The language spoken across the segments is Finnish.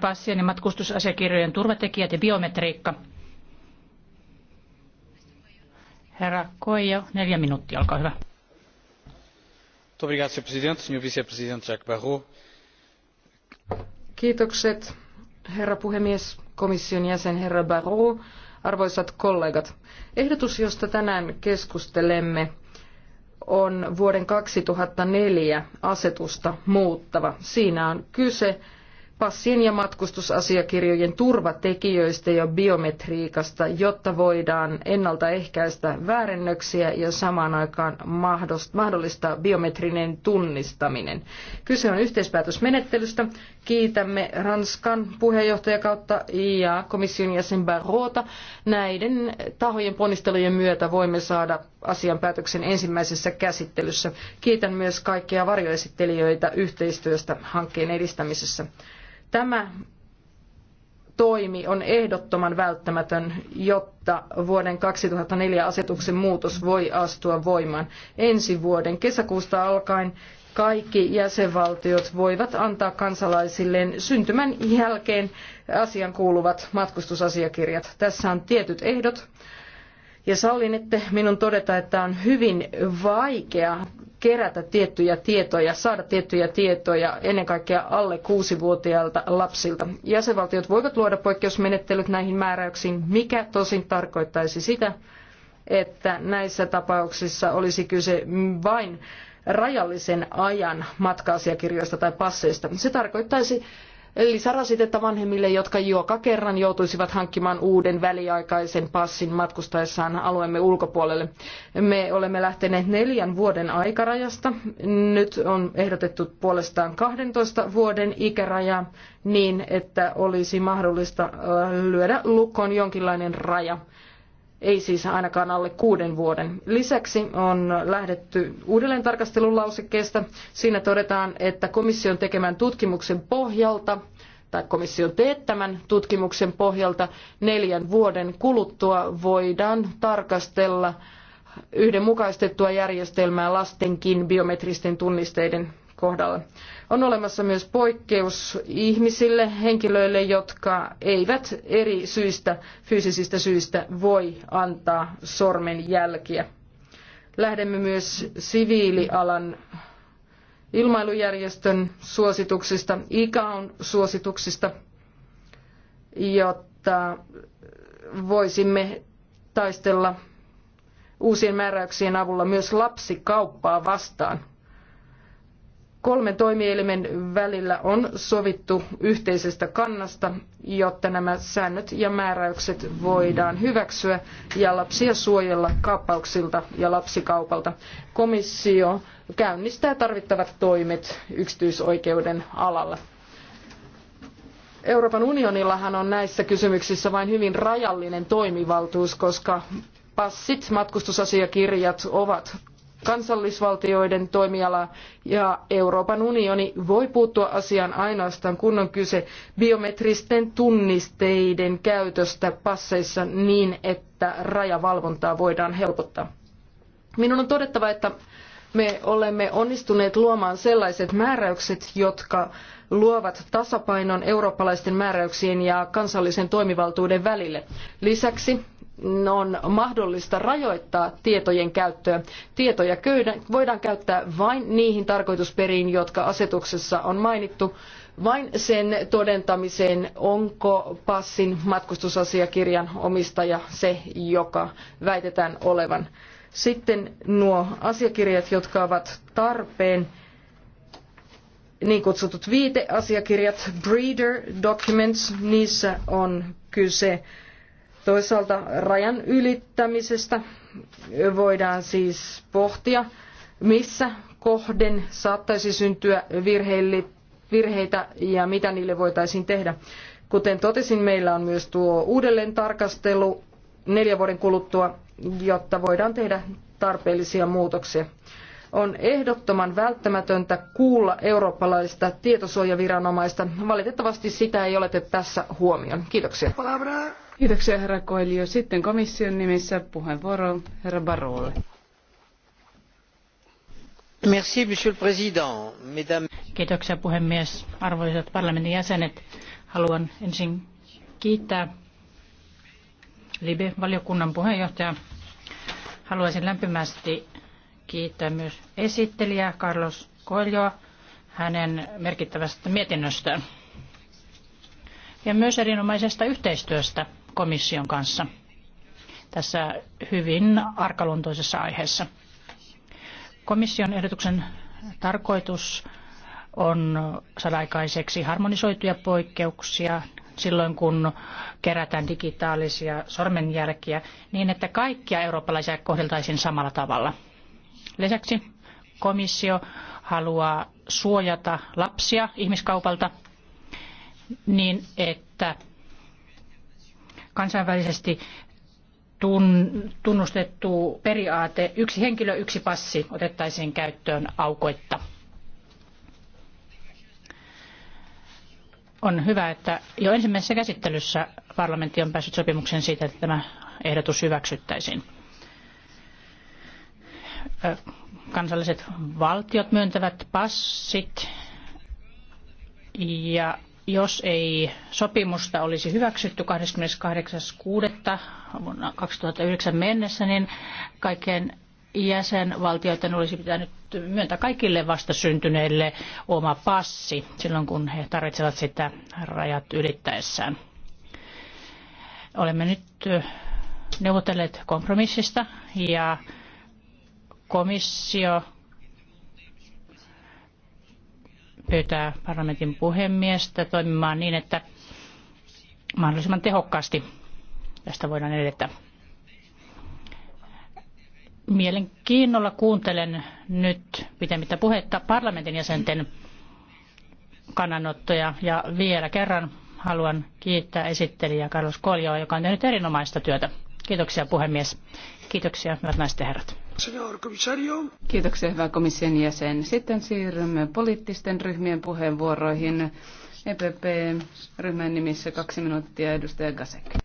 passien ja matkustusasiakirjojen turvatekijät ja biometriikka. Herra Koijo, neljä minuuttia, olkaa hyvä. Kiitokset, herra puhemies, komission jäsen herra Barrault, arvoisat kollegat. Ehdotus, josta tänään keskustelemme, on vuoden 2004 asetusta muuttava. Siinä on kyse passien ja matkustusasiakirjojen turvatekijöistä ja biometriikasta, jotta voidaan ennaltaehkäistä väärennöksiä ja samaan aikaan mahdollistaa biometrinen tunnistaminen. Kyse on yhteispäätösmenettelystä. Kiitämme Ranskan puheenjohtajakautta ja komission jäsen Barrota. Näiden tahojen ponnistelujen myötä voimme saada asian päätöksen ensimmäisessä käsittelyssä. Kiitän myös kaikkia varjoesittelijöitä yhteistyöstä hankkeen edistämisessä. Tämä toimi on ehdottoman välttämätön, jotta vuoden 2004 asetuksen muutos voi astua voimaan ensi vuoden kesäkuusta alkaen. Kaikki jäsenvaltiot voivat antaa kansalaisilleen syntymän jälkeen asian kuuluvat matkustusasiakirjat. Tässä on tietyt ehdot. Ja sallinette minun todeta, että on hyvin vaikea kerätä tiettyjä tietoja, saada tiettyjä tietoja ennen kaikkea alle kuusi vuotiailta lapsilta. Jäsenvaltiot voivat luoda poikkeusmenettelyt näihin määräyksiin, mikä tosin tarkoittaisi sitä, että näissä tapauksissa olisi kyse vain rajallisen ajan matka-asiakirjoista tai passeista. Se tarkoittaisi lisärasitetta vanhemmille, jotka joka kerran joutuisivat hankkimaan uuden väliaikaisen passin matkustaessaan alueemme ulkopuolelle. Me olemme lähteneet neljän vuoden aikarajasta. Nyt on ehdotettu puolestaan 12 vuoden ikäraja niin, että olisi mahdollista äh, lyödä lukkoon jonkinlainen raja ei siis ainakaan alle kuuden vuoden. Lisäksi on lähdetty uudelleen lausekkeesta. Siinä todetaan, että komission tekemän tutkimuksen pohjalta tai komission teettämän tutkimuksen pohjalta neljän vuoden kuluttua voidaan tarkastella yhdenmukaistettua järjestelmää lastenkin biometristen tunnisteiden kohdalla. On olemassa myös poikkeus ihmisille, henkilöille, jotka eivät eri syistä, fyysisistä syistä voi antaa sormenjälkiä. Lähdemme myös siviilialan ilmailujärjestön suosituksista, ICAON suosituksista, jotta voisimme taistella uusien määräyksien avulla myös lapsikauppaa vastaan. Kolmen toimielimen välillä on sovittu yhteisestä kannasta, jotta nämä säännöt ja määräykset voidaan hyväksyä ja lapsia suojella kaappauksilta ja lapsikaupalta. Komissio käynnistää tarvittavat toimet yksityisoikeuden alalla. Euroopan unionillahan on näissä kysymyksissä vain hyvin rajallinen toimivaltuus, koska passit, matkustusasiakirjat ovat kansallisvaltioiden toimiala ja Euroopan unioni voi puuttua asiaan ainoastaan, kun on kyse biometristen tunnisteiden käytöstä passeissa niin, että rajavalvontaa voidaan helpottaa. Minun on todettava, että me olemme onnistuneet luomaan sellaiset määräykset, jotka luovat tasapainon eurooppalaisten määräyksien ja kansallisen toimivaltuuden välille. Lisäksi on mahdollista rajoittaa tietojen käyttöä. Tietoja voidaan käyttää vain niihin tarkoitusperiin, jotka asetuksessa on mainittu, vain sen todentamiseen, onko passin matkustusasiakirjan omistaja se, joka väitetään olevan. Sitten nuo asiakirjat, jotka ovat tarpeen, niin kutsutut viiteasiakirjat, breeder documents, niissä on kyse Toisaalta rajan ylittämisestä voidaan siis pohtia, missä kohden saattaisi syntyä virheitä ja mitä niille voitaisiin tehdä. Kuten totesin, meillä on myös tuo uudelleen tarkastelu neljän vuoden kuluttua, jotta voidaan tehdä tarpeellisia muutoksia on ehdottoman välttämätöntä kuulla eurooppalaista tietosuojaviranomaista. Valitettavasti sitä ei ole tässä huomioon. Kiitoksia. Kiitoksia herra Koilio. Sitten komission nimissä puheenvuoro herra Barolle. Merci, monsieur le président. Mesdames... Kiitoksia puhemies. Arvoisat parlamentin jäsenet, haluan ensin kiittää Libe-valiokunnan puheenjohtajaa. Haluaisin lämpimästi kiittää myös esittelijää Carlos Coelhoa hänen merkittävästä mietinnöstään ja myös erinomaisesta yhteistyöstä komission kanssa tässä hyvin arkaluontoisessa aiheessa. Komission ehdotuksen tarkoitus on saada aikaiseksi harmonisoituja poikkeuksia silloin, kun kerätään digitaalisia sormenjälkiä niin, että kaikkia eurooppalaisia kohdeltaisiin samalla tavalla. Lisäksi komissio haluaa suojata lapsia ihmiskaupalta niin, että kansainvälisesti tunnustettu periaate yksi henkilö, yksi passi otettaisiin käyttöön aukoitta. On hyvä, että jo ensimmäisessä käsittelyssä parlamentti on päässyt sopimukseen siitä, että tämä ehdotus hyväksyttäisiin kansalliset valtiot myöntävät passit ja jos ei sopimusta olisi hyväksytty 28.6. vuonna 2009 mennessä, niin kaikkien jäsenvaltioiden olisi pitänyt myöntää kaikille vastasyntyneille oma passi silloin, kun he tarvitsevat sitä rajat ylittäessään. Olemme nyt neuvotelleet kompromissista ja komissio pyytää parlamentin puhemiestä toimimaan niin, että mahdollisimman tehokkaasti tästä voidaan edetä. Mielenkiinnolla kuuntelen nyt pitemmittä puhetta parlamentin jäsenten kannanottoja ja vielä kerran haluan kiittää esittelijä Carlos Koljoa, joka on tehnyt erinomaista työtä. Kiitoksia puhemies. Kiitoksia, hyvät naiset ja herrat. Kiitoksia, hyvä komission jäsen. Sitten siirrymme poliittisten ryhmien puheenvuoroihin. EPP-ryhmän nimissä kaksi minuuttia, edustaja Gasek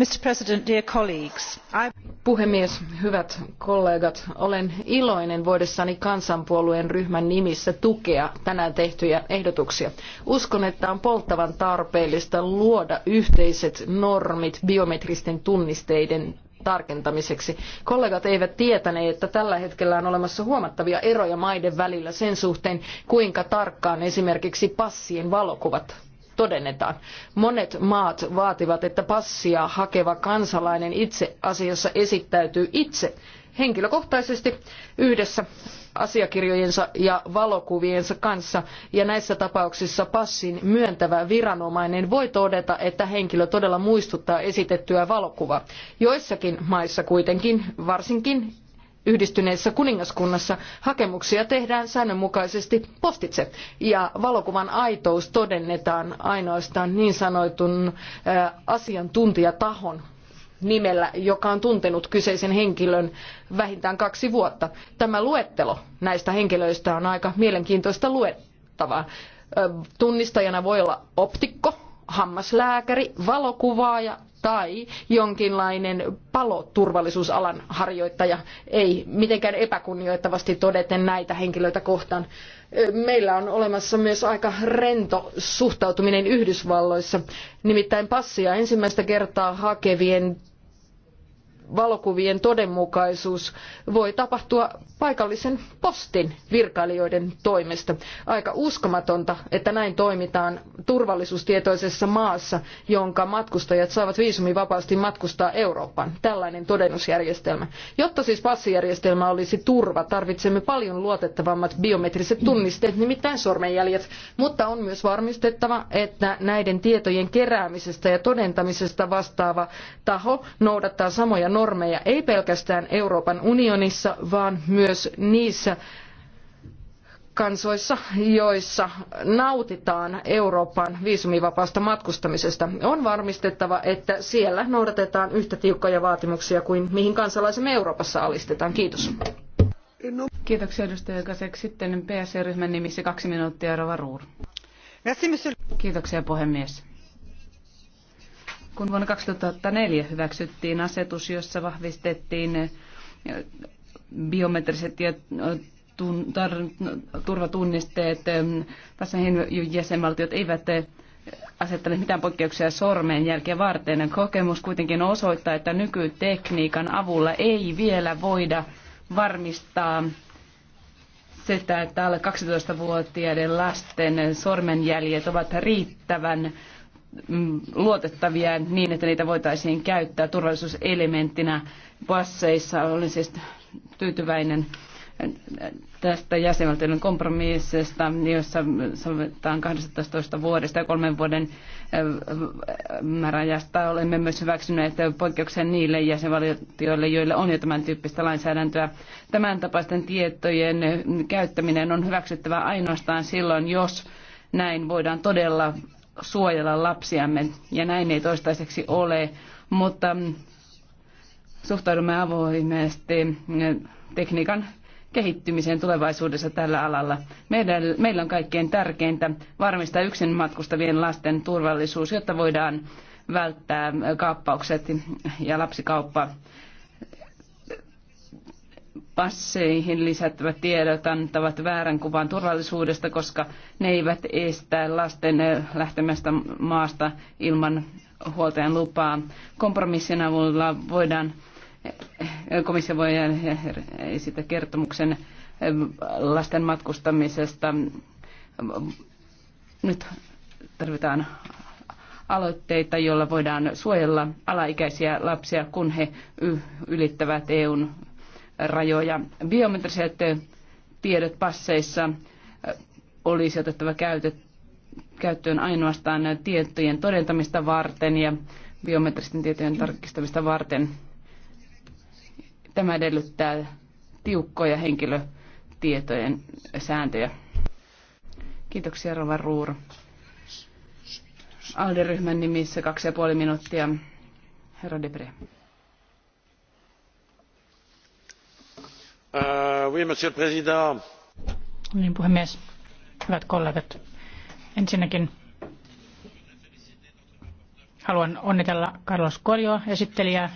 arvoisa puhemies hyvät kollegat olen iloinen voidessani kansanpuolueen ryhmän nimissä tukea tänään tehtyjä ehdotuksia. uskon että on polttavan tarpeellista luoda yhteiset normit biometristen tunnisteiden tarkentamiseksi. Kollegat eivät tietäneet, että tällä hetkellä on olemassa huomattavia eroja maiden välillä sen suhteen, kuinka tarkkaan esimerkiksi passien valokuvat todennetaan. Monet maat vaativat, että passia hakeva kansalainen itse asiassa esittäytyy itse henkilökohtaisesti yhdessä asiakirjojensa ja valokuviensa kanssa ja näissä tapauksissa passin myöntävä viranomainen voi todeta, että henkilö todella muistuttaa esitettyä valokuvaa. Joissakin maissa kuitenkin, varsinkin yhdistyneessä kuningaskunnassa hakemuksia tehdään säännönmukaisesti postitse ja valokuvan aitous todennetaan ainoastaan niin sanotun asiantuntijatahon nimellä, joka on tuntenut kyseisen henkilön vähintään kaksi vuotta. Tämä luettelo näistä henkilöistä on aika mielenkiintoista luettavaa. Tunnistajana voi olla optikko, hammaslääkäri, valokuvaaja, tai jonkinlainen paloturvallisuusalan harjoittaja. Ei mitenkään epäkunnioittavasti todeten näitä henkilöitä kohtaan. Meillä on olemassa myös aika rento suhtautuminen Yhdysvalloissa. Nimittäin passia ensimmäistä kertaa hakevien valokuvien todenmukaisuus voi tapahtua paikallisen postin virkailijoiden toimesta. Aika uskomatonta, että näin toimitaan turvallisuustietoisessa maassa, jonka matkustajat saavat viisumivapaasti matkustaa Eurooppaan. Tällainen todennusjärjestelmä. Jotta siis passijärjestelmä olisi turva, tarvitsemme paljon luotettavammat biometriset tunnisteet, nimittäin sormenjäljet, mutta on myös varmistettava, että näiden tietojen keräämisestä ja todentamisesta vastaava taho noudattaa samoja normeja normeja ei pelkästään Euroopan unionissa, vaan myös niissä kansoissa, joissa nautitaan Euroopan viisumivapaasta matkustamisesta. On varmistettava, että siellä noudatetaan yhtä tiukkoja vaatimuksia kuin mihin kansalaisemme Euroopassa alistetaan. Kiitos. Kiitoksia edustaja Kasek. Sitten PSC-ryhmän nimissä kaksi minuuttia, Rova Ruur. Kiitoksia puhemies kun vuonna 2004 hyväksyttiin asetus, jossa vahvistettiin eh, biometriset ja eh, turvatunnisteet, Tässä eh, jäsenvaltiot eivät asettaneet mitään poikkeuksia jälkeen varten. Kokemus kuitenkin osoittaa, että nykytekniikan avulla ei vielä voida varmistaa sitä, että alle 12-vuotiaiden lasten sormenjäljet ovat riittävän Mm, luotettavia niin, että niitä voitaisiin käyttää turvallisuuselementtinä passeissa. Olen siis tyytyväinen tästä jäsenvaltioiden kompromissista, jossa sovitaan 12 vuodesta ja kolmen vuoden määräajasta. Olemme myös hyväksyneet poikkeuksia niille jäsenvaltioille, joille on jo tämän tyyppistä lainsäädäntöä. Tämän tapaisten tietojen käyttäminen on hyväksyttävä ainoastaan silloin, jos näin voidaan todella suojella lapsiamme, ja näin ei toistaiseksi ole, mutta suhtaudumme avoimesti tekniikan kehittymiseen tulevaisuudessa tällä alalla. Meidän, meillä on kaikkein tärkeintä varmistaa yksin matkustavien lasten turvallisuus, jotta voidaan välttää kaappaukset ja lapsikauppa passeihin lisättävät tiedot antavat väärän kuvan turvallisuudesta, koska ne eivät estä lasten eh, lähtemästä maasta ilman huoltajan lupaa. Kompromissin avulla voidaan, eh, eh, komissio voi esittää kertomuksen lasten matkustamisesta. Nyt tarvitaan aloitteita, joilla voidaan suojella alaikäisiä lapsia, kun he ylittävät EUn rajoja. Biometriset tiedot passeissa olisi otettava käyttöön ainoastaan tietojen todentamista varten ja biometristen tietojen tarkistamista varten. Tämä edellyttää tiukkoja henkilötietojen sääntöjä. Kiitoksia Rova Ruur. Alderyhmän nimissä kaksi ja puoli minuuttia. Herra Debre. Euh, monsieur le président niin puhemies hyvät kollegat ensinnäkin haluan onnitella Carlos Coelhoa esittelijää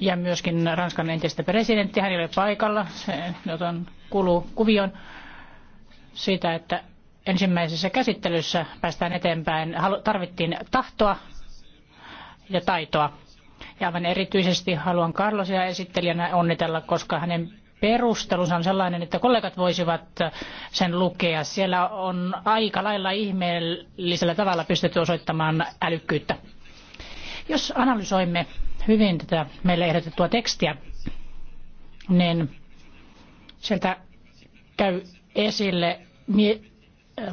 ja myöskin Ranskan entistä presidenttiä. Hän ei ole paikalla, se joten kuuluu kuvion siitä, että ensimmäisessä käsittelyssä päästään eteenpäin. Tarvittiin tahtoa ja taitoa. Ja aivan erityisesti haluan Carlosia esittelijänä onnitella, koska hänen perustelunsa on sellainen, että kollegat voisivat sen lukea. Siellä on aika lailla ihmeellisellä tavalla pystytty osoittamaan älykkyyttä. Jos analysoimme hyvin tätä meille ehdotettua tekstiä, niin sieltä käy esille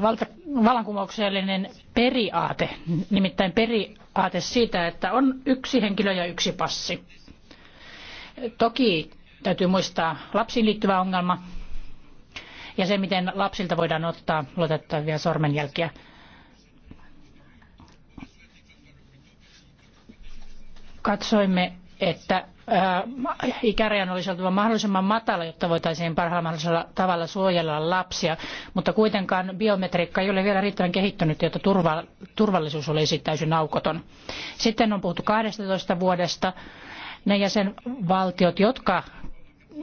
valta, vallankumouksellinen periaate, nimittäin periaate siitä, että on yksi henkilö ja yksi passi. Toki täytyy muistaa lapsiin liittyvä ongelma ja se, miten lapsilta voidaan ottaa luotettavia sormenjälkiä. Katsoimme, että Äh, ikärajan olisi oltava mahdollisimman matala, jotta voitaisiin parhaalla mahdollisella tavalla suojella lapsia, mutta kuitenkaan biometriikka ei ole vielä riittävän kehittynyt, jotta turvallisuus olisi täysin aukoton. Sitten on puhuttu 12 vuodesta. Ne jäsenvaltiot, jotka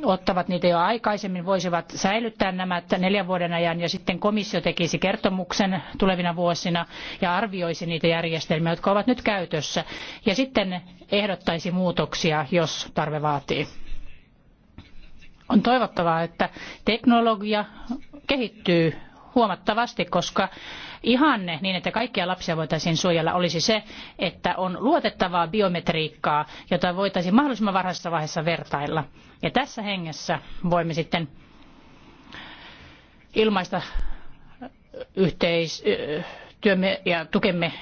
ottavat niitä jo aikaisemmin, voisivat säilyttää nämä neljän vuoden ajan ja sitten komissio tekisi kertomuksen tulevina vuosina ja arvioisi niitä järjestelmiä, jotka ovat nyt käytössä ja sitten ehdottaisi muutoksia, jos tarve vaatii. On toivottavaa, että teknologia kehittyy huomattavasti, koska ihanne niin, että kaikkia lapsia voitaisiin suojella, olisi se, että on luotettavaa biometriikkaa, jota voitaisiin mahdollisimman varhaisessa vaiheessa vertailla. Ja tässä hengessä voimme sitten ilmaista yhteistyömme ja tukemme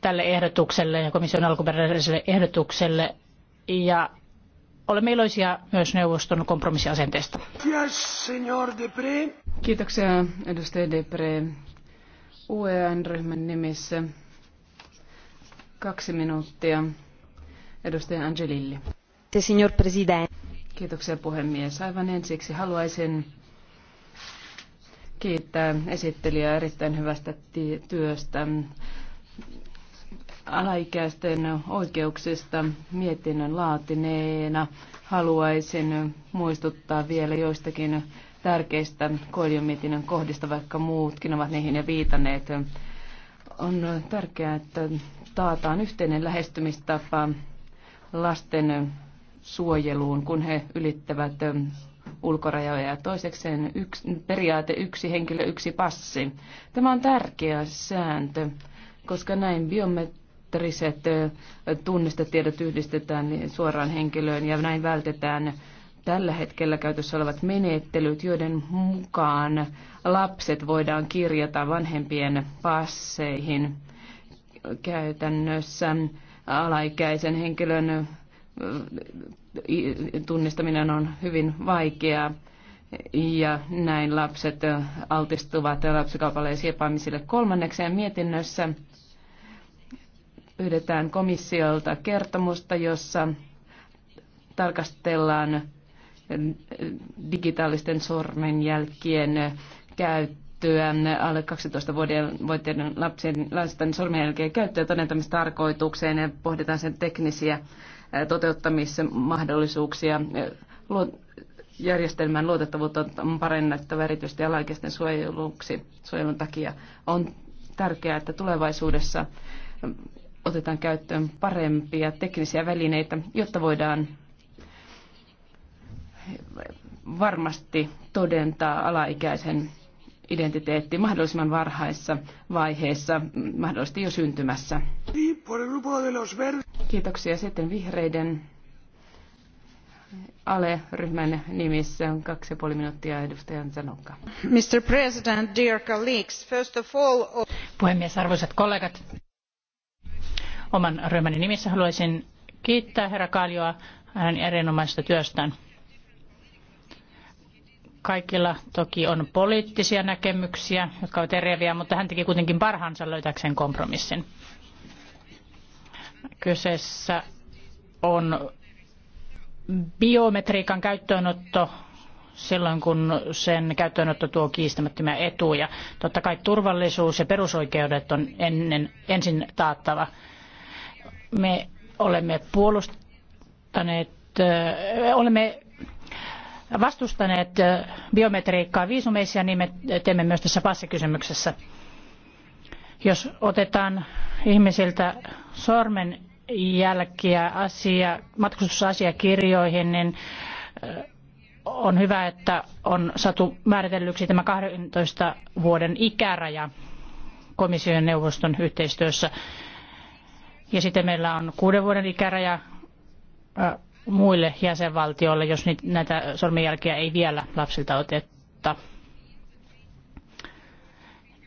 tälle ehdotukselle ja komission alkuperäiselle ehdotukselle. Ja olemme iloisia myös neuvoston kompromissiasenteesta. Yes, Kiitoksia edustaja Depre. UEN-ryhmän nimissä kaksi minuuttia. Edustaja Angelilli. Te, signor Presidente. Kiitoksia puhemies. Aivan ensiksi haluaisin kiittää esittelijää erittäin hyvästä työstä alaikäisten oikeuksista mietinnön laatineena. Haluaisin muistuttaa vielä joistakin tärkeistä Koilion kohdista, vaikka muutkin ovat niihin jo viitanneet. On tärkeää, että taataan yhteinen lähestymistapa lasten suojeluun, kun he ylittävät ulkorajoja ja toisekseen yksi, periaate yksi henkilö, yksi passi. Tämä on tärkeä sääntö, koska näin biometriset tunnistetiedot yhdistetään suoraan henkilöön ja näin vältetään tällä hetkellä käytössä olevat menettelyt, joiden mukaan lapset voidaan kirjata vanhempien passeihin. Käytännössä alaikäisen henkilön äh, tunnistaminen on hyvin vaikeaa ja näin lapset äh, altistuvat lapsikaupalle ja siepaamisille ja mietinnössä. Pyydetään komissiolta kertomusta, jossa tarkastellaan digitaalisten sormenjälkien käyttöä alle 12-vuotiaiden lapsen, lasten sormenjälkien käyttöä todentamistarkoitukseen ja pohditaan sen teknisiä toteuttamismahdollisuuksia. Järjestelmän luotettavuutta on parannettava erityisesti alaikäisten suojeluksi, suojelun takia. On tärkeää, että tulevaisuudessa otetaan käyttöön parempia teknisiä välineitä, jotta voidaan varmasti todentaa alaikäisen identiteetti mahdollisimman varhaisessa vaiheessa, mahdollisesti jo syntymässä. Kiitoksia sitten vihreiden ALE-ryhmän nimissä on kaksi ja puoli minuuttia edustajan sanokka. Mr. President, dear colleagues, first of all... Oh- Puhemies, arvoisat kollegat, oman ryhmäni nimissä haluaisin kiittää herra Kaljoa hänen erinomaisesta työstään. Kaikilla toki on poliittisia näkemyksiä, jotka ovat eriäviä, mutta hän teki kuitenkin parhaansa löytääkseen kompromissin. Kyseessä on biometriikan käyttöönotto silloin, kun sen käyttöönotto tuo kiistämättömiä etuja. Totta kai turvallisuus ja perusoikeudet on ennen, ensin taattava. Me olemme puolustaneet, olemme vastustaneet biometriikkaa viisumeissa, niin me teemme myös tässä passikysymyksessä. Jos otetaan ihmisiltä sormenjälkiä asia, matkustusasiakirjoihin, niin on hyvä, että on saatu määritellyksi tämä 12 vuoden ikäraja komission ja neuvoston yhteistyössä. Ja sitten meillä on kuuden vuoden ikäraja muille jäsenvaltioille, jos näitä sormenjälkiä ei vielä lapsilta oteta.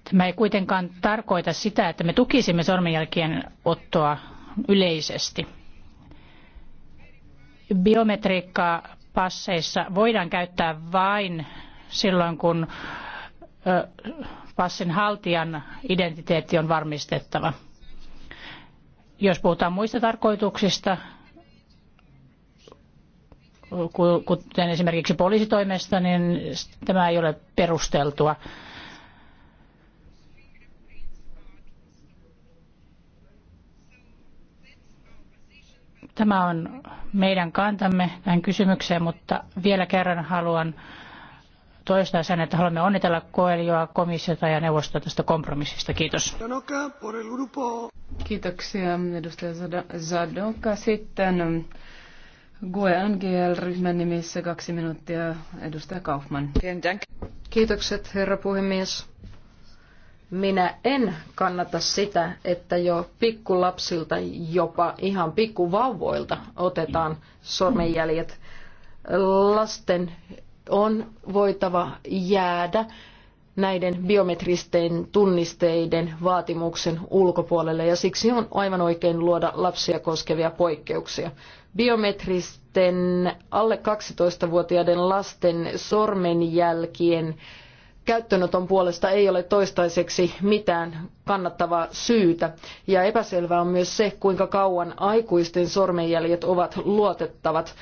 Tämä ei kuitenkaan tarkoita sitä, että me tukisimme sormenjälkien ottoa yleisesti. Biometriikkaa passeissa voidaan käyttää vain silloin, kun passin haltijan identiteetti on varmistettava. Jos puhutaan muista tarkoituksista, kuten esimerkiksi poliisitoimesta, niin tämä ei ole perusteltua. Tämä on meidän kantamme tähän kysymykseen, mutta vielä kerran haluan toistaa sen, että haluamme onnitella Koelioa, komissiota ja neuvostoa tästä kompromissista. Kiitos. Kiitoksia edustaja Zadoka. Sitten GUE NGL-ryhmän nimissä kaksi minuuttia. Edustaja Kaufman. Kiitokset, herra puhemies. Minä en kannata sitä, että jo pikkulapsilta, jopa ihan pikkuvauvoilta otetaan sormenjäljet. Lasten on voitava jäädä näiden biometristen tunnisteiden vaatimuksen ulkopuolelle ja siksi on aivan oikein luoda lapsia koskevia poikkeuksia biometristen alle 12-vuotiaiden lasten sormenjälkien käyttöönoton puolesta ei ole toistaiseksi mitään kannattavaa syytä. Ja epäselvää on myös se, kuinka kauan aikuisten sormenjäljet ovat luotettavat.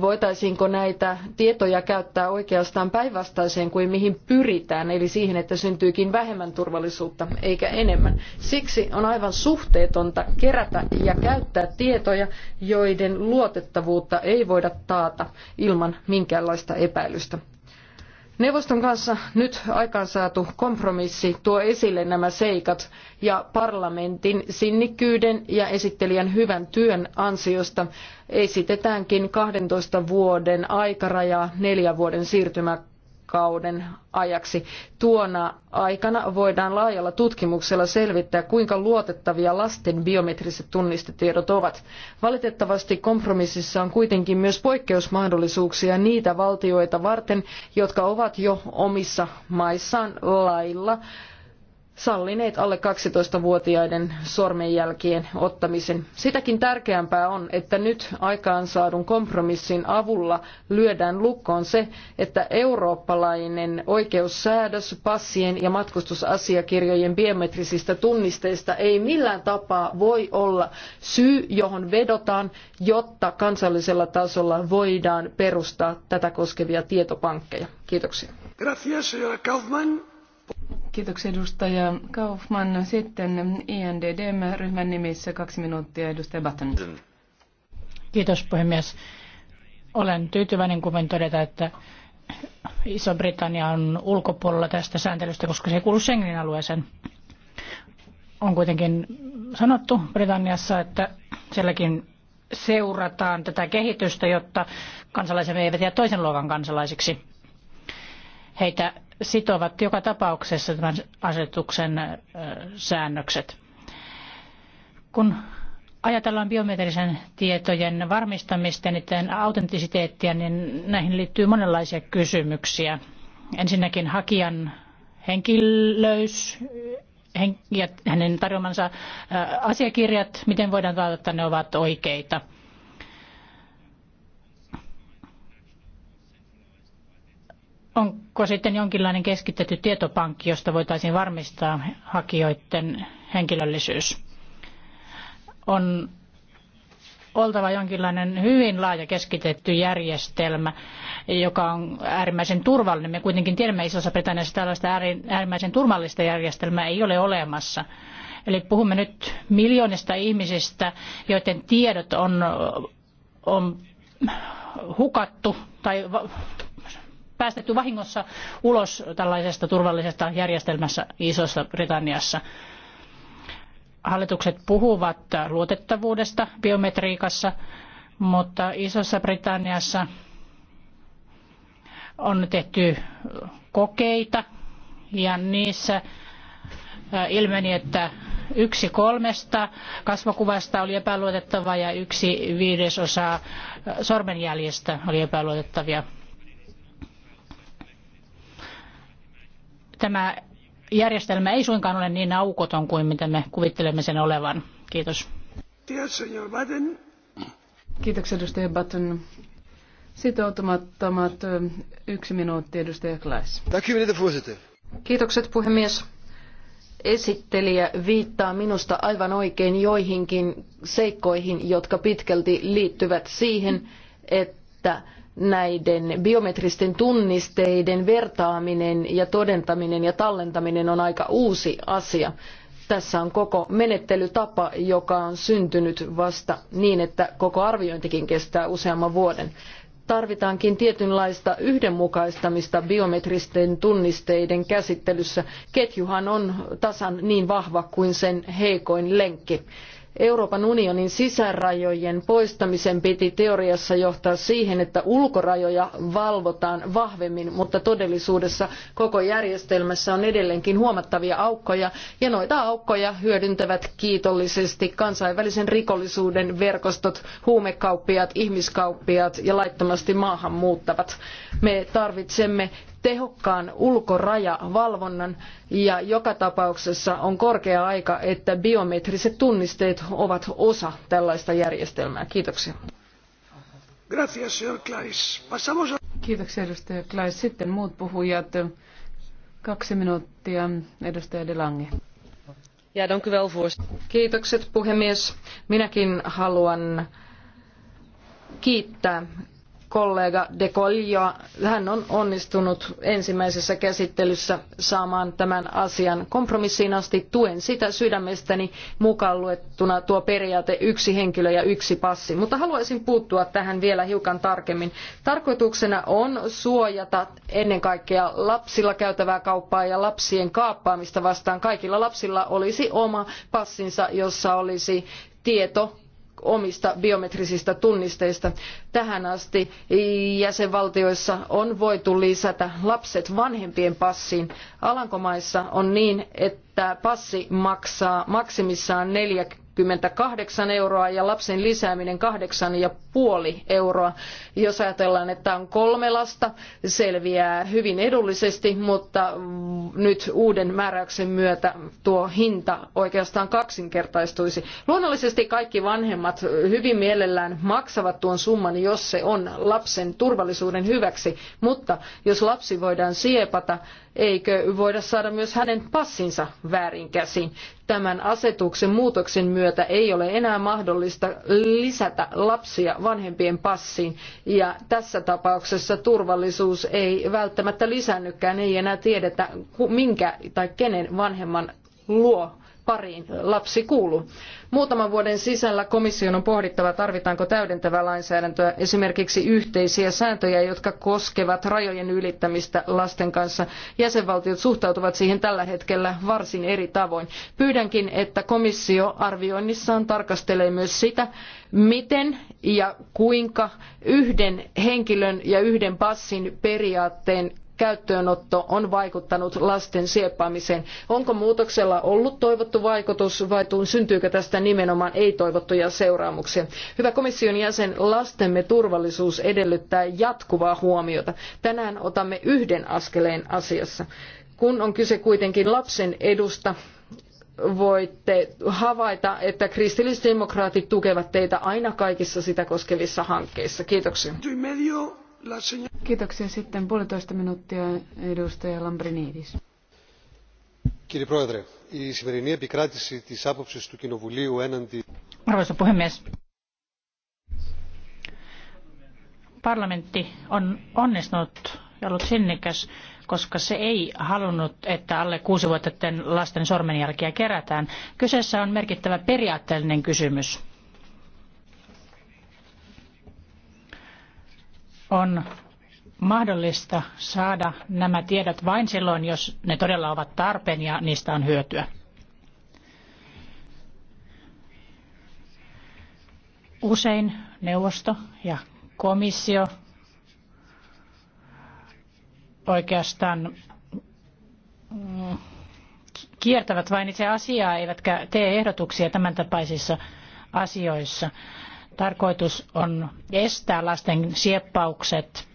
Voitaisiinko näitä tietoja käyttää oikeastaan päinvastaiseen kuin mihin pyritään, eli siihen, että syntyykin vähemmän turvallisuutta eikä enemmän. Siksi on aivan suhteetonta kerätä ja käyttää tietoja, joiden luotettavuutta ei voida taata ilman minkäänlaista epäilystä. Neuvoston kanssa nyt aikaansaatu kompromissi tuo esille nämä seikat ja parlamentin sinnikkyyden ja esittelijän hyvän työn ansiosta esitetäänkin 12 vuoden aikaraja neljän vuoden siirtymä kauden ajaksi. Tuona aikana voidaan laajalla tutkimuksella selvittää, kuinka luotettavia lasten biometriset tunnistetiedot ovat. Valitettavasti kompromississa on kuitenkin myös poikkeusmahdollisuuksia niitä valtioita varten, jotka ovat jo omissa maissaan lailla sallineet alle 12-vuotiaiden sormenjälkien ottamisen. Sitäkin tärkeämpää on, että nyt aikaansaadun kompromissin avulla lyödään lukkoon se, että eurooppalainen oikeussäädös passien ja matkustusasiakirjojen biometrisistä tunnisteista ei millään tapaa voi olla syy, johon vedotaan, jotta kansallisella tasolla voidaan perustaa tätä koskevia tietopankkeja. Kiitoksia. Gracias, Kiitoksia edustaja Kaufmann. Sitten INDD-ryhmän nimissä kaksi minuuttia edustaja Kiitos puhemies. Olen tyytyväinen, kun voin todeta, että Iso-Britannia on ulkopuolella tästä sääntelystä, koska se ei kuulu Schengenin alueeseen. On kuitenkin sanottu Britanniassa, että sielläkin seurataan tätä kehitystä, jotta kansalaisemme eivät jää toisen luokan kansalaisiksi. Heitä sitovat joka tapauksessa tämän asetuksen säännökset. Kun ajatellaan biometrisen tietojen varmistamista ja niiden autentisiteettia, niin näihin liittyy monenlaisia kysymyksiä. Ensinnäkin hakijan henkilöys, ja hänen tarjomansa asiakirjat, miten voidaan taata, että ne ovat oikeita. Onko sitten jonkinlainen keskitetty tietopankki, josta voitaisiin varmistaa hakijoiden henkilöllisyys? On oltava jonkinlainen hyvin laaja keskitetty järjestelmä, joka on äärimmäisen turvallinen. Me kuitenkin tiedämme Isossa Britanniassa tällaista äärimmäisen turvallista järjestelmää ei ole olemassa. Eli puhumme nyt miljoonista ihmisistä, joiden tiedot on, on hukattu tai päästetty vahingossa ulos tällaisesta turvallisesta järjestelmässä Isossa Britanniassa. Hallitukset puhuvat luotettavuudesta biometriikassa, mutta Isossa Britanniassa on tehty kokeita ja niissä äh, ilmeni, että yksi kolmesta kasvokuvasta oli epäluotettava ja yksi viidesosa äh, sormenjäljistä oli epäluotettavia. Tämä järjestelmä ei suinkaan ole niin aukoton kuin mitä me kuvittelemme sen olevan. Kiitos. Kiitoksia edustaja Button. Sitoutumattomat yksi minuutti edustaja Klaes. Kiitokset puhemies esittelijä viittaa minusta aivan oikein joihinkin seikkoihin, jotka pitkälti liittyvät siihen, että näiden biometristen tunnisteiden vertaaminen ja todentaminen ja tallentaminen on aika uusi asia. Tässä on koko menettelytapa, joka on syntynyt vasta niin, että koko arviointikin kestää useamman vuoden. Tarvitaankin tietynlaista yhdenmukaistamista biometristen tunnisteiden käsittelyssä. Ketjuhan on tasan niin vahva kuin sen heikoin lenkki Euroopan unionin sisärajojen poistamisen piti teoriassa johtaa siihen, että ulkorajoja valvotaan vahvemmin, mutta todellisuudessa koko järjestelmässä on edelleenkin huomattavia aukkoja, ja noita aukkoja hyödyntävät kiitollisesti kansainvälisen rikollisuuden verkostot, huumekauppiaat, ihmiskauppiaat ja laittomasti maahan muuttavat. Me tarvitsemme tehokkaan ulkorajavalvonnan ja joka tapauksessa on korkea aika, että biometriset tunnisteet ovat osa tällaista järjestelmää. Kiitoksia. Gracias, señor Kiitoksia, edustaja Klais. Sitten muut puhujat. Kaksi minuuttia, edustaja Delange. Ja, Kiitokset, puhemies. Minäkin haluan kiittää kollega De Collia. Hän on onnistunut ensimmäisessä käsittelyssä saamaan tämän asian kompromissiin asti. Tuen sitä sydämestäni mukaan luettuna tuo periaate yksi henkilö ja yksi passi. Mutta haluaisin puuttua tähän vielä hiukan tarkemmin. Tarkoituksena on suojata ennen kaikkea lapsilla käytävää kauppaa ja lapsien kaappaamista vastaan. Kaikilla lapsilla olisi oma passinsa, jossa olisi tieto omista biometrisistä tunnisteista. Tähän asti jäsenvaltioissa on voitu lisätä lapset vanhempien passiin. Alankomaissa on niin, että että passi maksaa maksimissaan 48 euroa ja lapsen lisääminen 8,5 euroa. Jos ajatellaan, että on kolme lasta, selviää hyvin edullisesti, mutta nyt uuden määräyksen myötä tuo hinta oikeastaan kaksinkertaistuisi. Luonnollisesti kaikki vanhemmat hyvin mielellään maksavat tuon summan, jos se on lapsen turvallisuuden hyväksi, mutta jos lapsi voidaan siepata, eikö voida saada myös hänen passinsa väärinkäsin. Tämän asetuksen muutoksen myötä ei ole enää mahdollista lisätä lapsia vanhempien passiin ja tässä tapauksessa turvallisuus ei välttämättä lisäännykään, ei enää tiedetä minkä tai kenen vanhemman luo pariin lapsi kuuluu. Muutaman vuoden sisällä komission on pohdittava, tarvitaanko täydentävää lainsäädäntöä, esimerkiksi yhteisiä sääntöjä, jotka koskevat rajojen ylittämistä lasten kanssa. Jäsenvaltiot suhtautuvat siihen tällä hetkellä varsin eri tavoin. Pyydänkin, että komissio arvioinnissaan tarkastelee myös sitä, miten ja kuinka yhden henkilön ja yhden passin periaatteen käyttöönotto on vaikuttanut lasten sieppaamiseen. Onko muutoksella ollut toivottu vaikutus vai syntyykö tästä nimenomaan ei-toivottuja seuraamuksia? Hyvä komission jäsen, lastemme turvallisuus edellyttää jatkuvaa huomiota. Tänään otamme yhden askeleen asiassa. Kun on kyse kuitenkin lapsen edusta, voitte havaita, että kristillisdemokraatit tukevat teitä aina kaikissa sitä koskevissa hankkeissa. Kiitoksia. Kiitoksia. Sitten puolitoista minuuttia edustaja Lambrinidis. Κύριε Πρόεδρε, η σημερινή επικράτηση της άποψης του Κοινοβουλίου έναντι... Arvoisa puhemies, parlamentti on onnistunut ja ollut sinnikäs, koska se ei halunnut, että alle kuusi vuotta lasten sormenjälkiä kerätään. Kyseessä on merkittävä periaatteellinen kysymys on mahdollista saada nämä tiedot vain silloin, jos ne todella ovat tarpeen ja niistä on hyötyä. Usein neuvosto ja komissio oikeastaan mm, kiertävät vain itse asiaa, eivätkä tee ehdotuksia tämän tapaisissa asioissa tarkoitus on estää lasten sieppaukset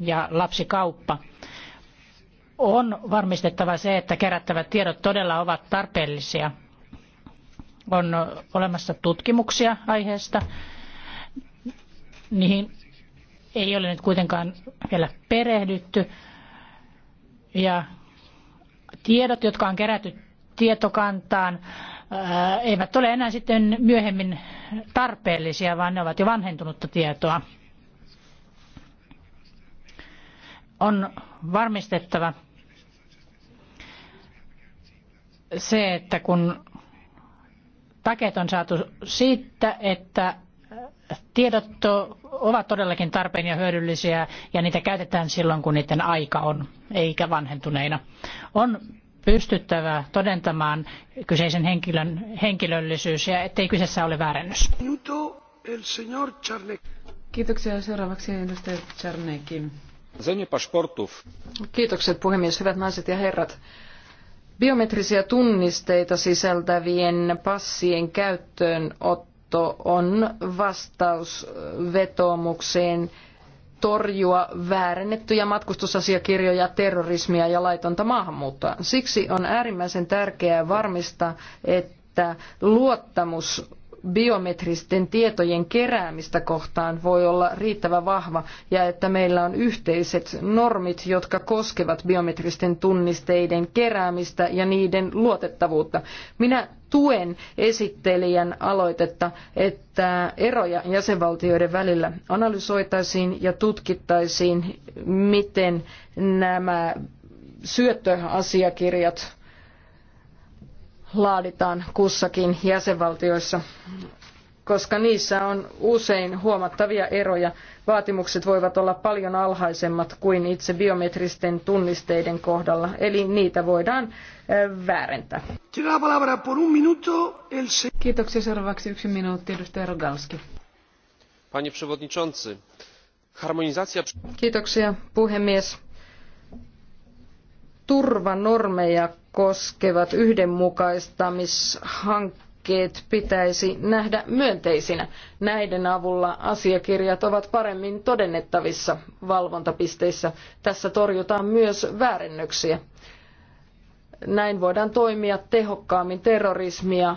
ja lapsikauppa. On varmistettava se, että kerättävät tiedot todella ovat tarpeellisia. On olemassa tutkimuksia aiheesta. Niihin ei ole nyt kuitenkaan vielä perehdytty. Ja tiedot, jotka on kerätty tietokantaan, eivät ole enää sitten myöhemmin tarpeellisia, vaan ne ovat jo vanhentunutta tietoa. On varmistettava se, että kun takeet on saatu siitä, että tiedot ovat todellakin tarpeen ja hyödyllisiä ja niitä käytetään silloin, kun niiden aika on, eikä vanhentuneina. On pystyttävä todentamaan kyseisen henkilön henkilöllisyys ja ettei kyseessä ole väärennös. Kiitoksia. Seuraavaksi edustaja Czarnecki. Kiitokset puhemies, hyvät naiset ja herrat. Biometrisiä tunnisteita sisältävien passien käyttöönotto on vastaus vetoomukseen torjua väärennettyjä matkustusasiakirjoja, terrorismia ja laitonta maahanmuuttoa. Siksi on äärimmäisen tärkeää varmistaa, että luottamus biometristen tietojen keräämistä kohtaan voi olla riittävä vahva ja että meillä on yhteiset normit, jotka koskevat biometristen tunnisteiden keräämistä ja niiden luotettavuutta. Minä tuen esittelijän aloitetta, että eroja jäsenvaltioiden välillä analysoitaisiin ja tutkittaisiin, miten nämä syöttöasiakirjat laaditaan kussakin jäsenvaltioissa koska niissä on usein huomattavia eroja. Vaatimukset voivat olla paljon alhaisemmat kuin itse biometristen tunnisteiden kohdalla, eli niitä voidaan väärentää. Kiitoksia. Seuraavaksi yksi minuutti, edustaja Rogalski. Panie przewodniczący, harmonizacja... Kiitoksia, puhemies. Turvanormeja koskevat yhdenmukaistamishankkeet hankkeet pitäisi nähdä myönteisinä. Näiden avulla asiakirjat ovat paremmin todennettavissa valvontapisteissä. Tässä torjutaan myös väärennöksiä. Näin voidaan toimia tehokkaammin terrorismia,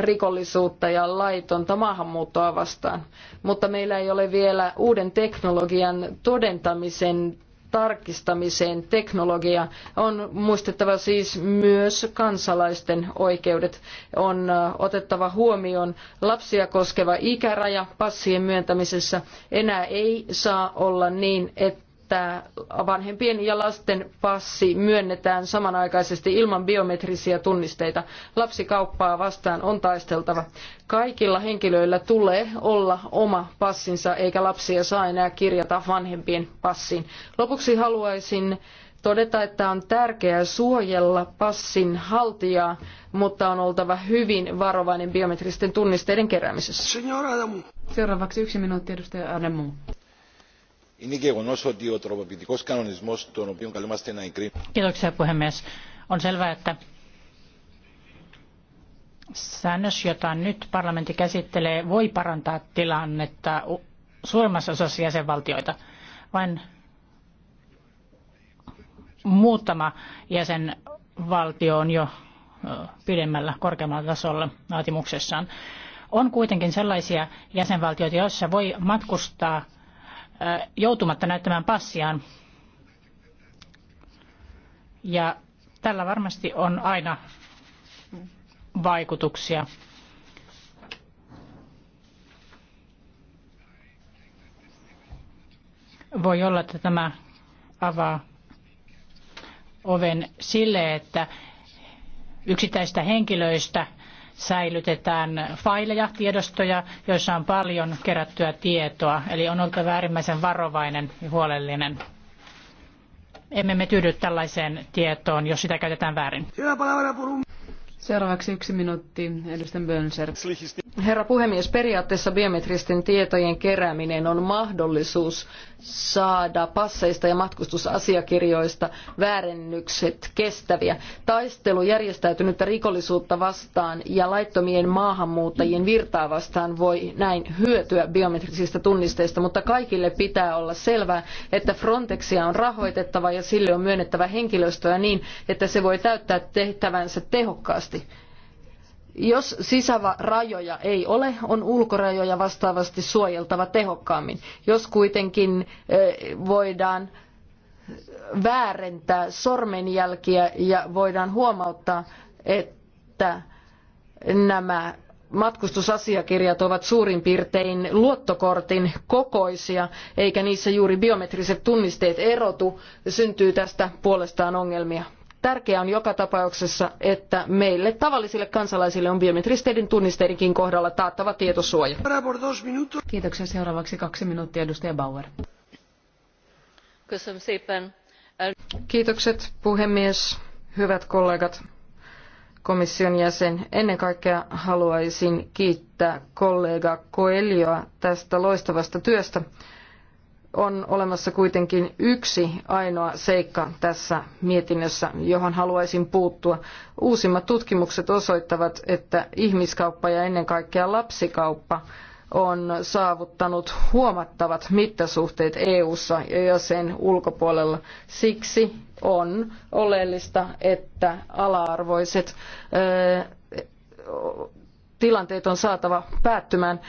rikollisuutta ja laitonta maahanmuuttoa vastaan. Mutta meillä ei ole vielä uuden teknologian todentamisen tarkistamiseen teknologia. On muistettava siis myös kansalaisten oikeudet. On otettava huomioon lapsia koskeva ikäraja passien myöntämisessä. Enää ei saa olla niin, että että vanhempien ja lasten passi myönnetään samanaikaisesti ilman biometrisiä tunnisteita. Lapsikauppaa vastaan on taisteltava. Kaikilla henkilöillä tulee olla oma passinsa, eikä lapsia saa enää kirjata vanhempien passiin. Lopuksi haluaisin todeta, että on tärkeää suojella passin haltijaa, mutta on oltava hyvin varovainen biometristen tunnisteiden keräämisessä. Seuraavaksi yksi minuutti edustaja Ademu είναι γεγονός ότι ο τροποποιητικός κανονισμός τον οποίο καλούμαστε να εγκρίνουμε... Kiitoksia puhemies. On selvää, että säännös, jota nyt parlamentti käsittelee, voi parantaa tilannetta suurimmassa osassa jäsenvaltioita. Vain muutama jäsenvaltio on jo pidemmällä, korkeammalla tasolla vaatimuksessaan. On kuitenkin sellaisia jäsenvaltioita, joissa voi matkustaa joutumatta näyttämään passiaan. Ja tällä varmasti on aina vaikutuksia. Voi olla, että tämä avaa oven sille, että yksittäistä henkilöistä säilytetään faileja, tiedostoja, joissa on paljon kerättyä tietoa. Eli on oltava äärimmäisen varovainen ja huolellinen. Emme me tyydy tällaiseen tietoon, jos sitä käytetään väärin. Seuraavaksi yksi minuutti, Bönser. Herra puhemies, periaatteessa biometristen tietojen kerääminen on mahdollisuus saada passeista ja matkustusasiakirjoista väärennykset kestäviä. Taistelu järjestäytynyttä rikollisuutta vastaan ja laittomien maahanmuuttajien virtaa vastaan voi näin hyötyä biometrisistä tunnisteista, mutta kaikille pitää olla selvää, että Frontexia on rahoitettava ja sille on myönnettävä henkilöstöä niin, että se voi täyttää tehtävänsä tehokkaasti. Jos sisärajoja ei ole, on ulkorajoja vastaavasti suojeltava tehokkaammin. Jos kuitenkin voidaan väärentää sormenjälkiä ja voidaan huomauttaa, että nämä matkustusasiakirjat ovat suurin piirtein luottokortin kokoisia, eikä niissä juuri biometriset tunnisteet erotu, syntyy tästä puolestaan ongelmia. Tärkeää on joka tapauksessa, että meille tavallisille kansalaisille on biometristeiden tunnisteidenkin kohdalla taattava tietosuoja. Kiitoksia. Seuraavaksi kaksi minuuttia edustaja Bauer. Kiitokset puhemies, hyvät kollegat, komission jäsen. Ennen kaikkea haluaisin kiittää kollega Koelioa tästä loistavasta työstä on olemassa kuitenkin yksi ainoa seikka tässä mietinnössä, johon haluaisin puuttua. Uusimmat tutkimukset osoittavat, että ihmiskauppa ja ennen kaikkea lapsikauppa on saavuttanut huomattavat mittasuhteet EU:ssa ja sen ulkopuolella. Siksi on oleellista, että ala-arvoiset tilanteet on saatava päättymään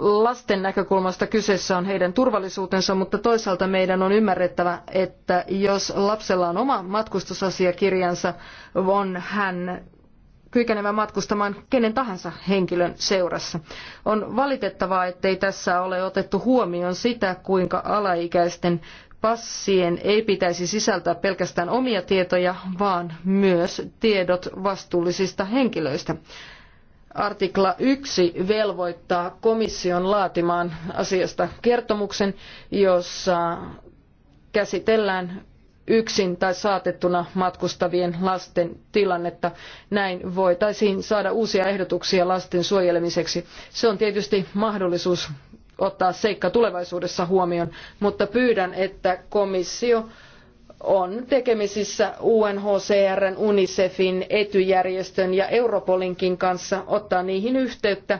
lasten näkökulmasta kyseessä on heidän turvallisuutensa, mutta toisaalta meidän on ymmärrettävä, että jos lapsella on oma matkustusasiakirjansa, on hän kykenevä matkustamaan kenen tahansa henkilön seurassa. On valitettavaa, ettei tässä ole otettu huomioon sitä, kuinka alaikäisten passien ei pitäisi sisältää pelkästään omia tietoja, vaan myös tiedot vastuullisista henkilöistä. Artikla 1 velvoittaa komission laatimaan asiasta kertomuksen, jossa käsitellään yksin tai saatettuna matkustavien lasten tilannetta. Näin voitaisiin saada uusia ehdotuksia lasten suojelemiseksi. Se on tietysti mahdollisuus ottaa seikka tulevaisuudessa huomioon, mutta pyydän, että komissio on tekemisissä UNHCRn, UNICEFin, etujärjestön ja Europolinkin kanssa, ottaa niihin yhteyttä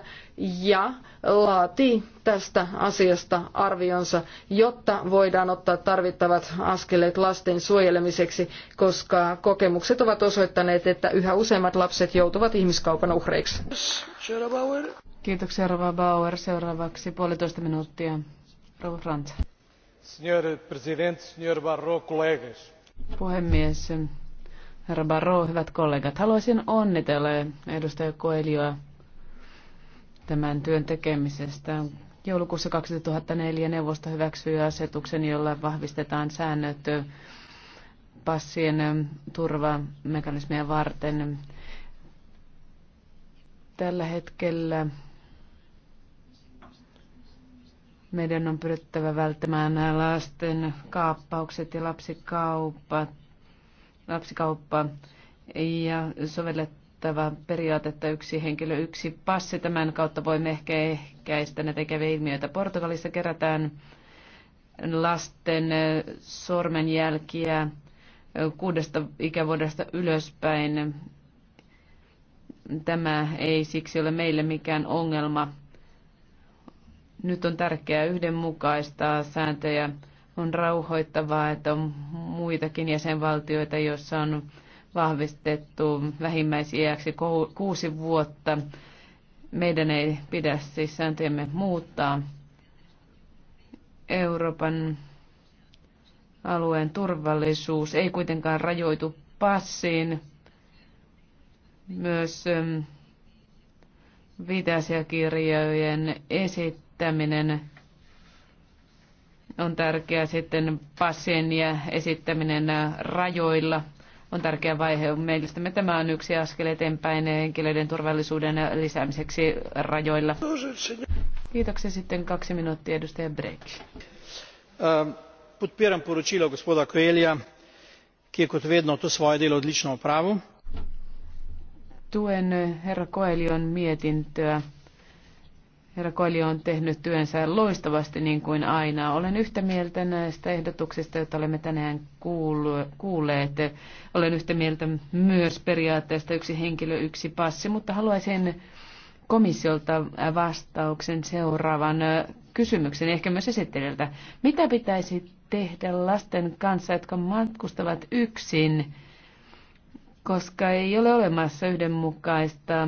ja laatii tästä asiasta arvionsa, jotta voidaan ottaa tarvittavat askeleet lasten suojelemiseksi, koska kokemukset ovat osoittaneet, että yhä useimmat lapset joutuvat ihmiskaupan uhreiksi. Kiitoksia Rova Bauer. Seuraavaksi puolitoista minuuttia. Rova Frantz. Puhemies, herra Barro, hyvät kollegat, haluaisin onnitella edustaja Coelhoa tämän työn tekemisestä. Joulukuussa 2004 neuvosto hyväksyi asetuksen, jolla vahvistetaan säännöt passien turvamekanismia varten. Tällä hetkellä meidän on pyrittävä välttämään nämä lasten kaappaukset ja lapsikauppa, lapsikauppa ja sovellettava periaatetta yksi henkilö, yksi passi. Tämän kautta voimme ehkä ehkäistä näitä tekeviä ilmiöitä. Portugalissa kerätään lasten sormenjälkiä kuudesta ikävuodesta ylöspäin. Tämä ei siksi ole meille mikään ongelma nyt on tärkeää yhdenmukaistaa sääntöjä. On rauhoittavaa, että on muitakin jäsenvaltioita, joissa on vahvistettu vähimmäisiäksi kuusi vuotta. Meidän ei pidä siis sääntöjemme muuttaa. Euroopan alueen turvallisuus ei kuitenkaan rajoitu passiin. Myös mm, viiteasiakirjojen esit esittäminen on tärkeää sitten passien ja esittäminen rajoilla on tärkeä vaihe. Mielestämme tämä on yksi askel eteenpäin henkilöiden turvallisuuden lisäämiseksi rajoilla. Kiitoksia sitten kaksi minuuttia edustaja Break. Ähm, podpiram poročilo gospoda Coelja, ki je kot Tuen herra Coelion mietintöä Herra Koili on tehnyt työnsä loistavasti niin kuin aina. Olen yhtä mieltä näistä ehdotuksista, joita olemme tänään kuulleet. Olen yhtä mieltä myös periaatteesta yksi henkilö, yksi passi, mutta haluaisin komissiolta vastauksen seuraavan kysymyksen, ehkä myös esittelijältä. Mitä pitäisi tehdä lasten kanssa, jotka matkustavat yksin, koska ei ole olemassa yhdenmukaista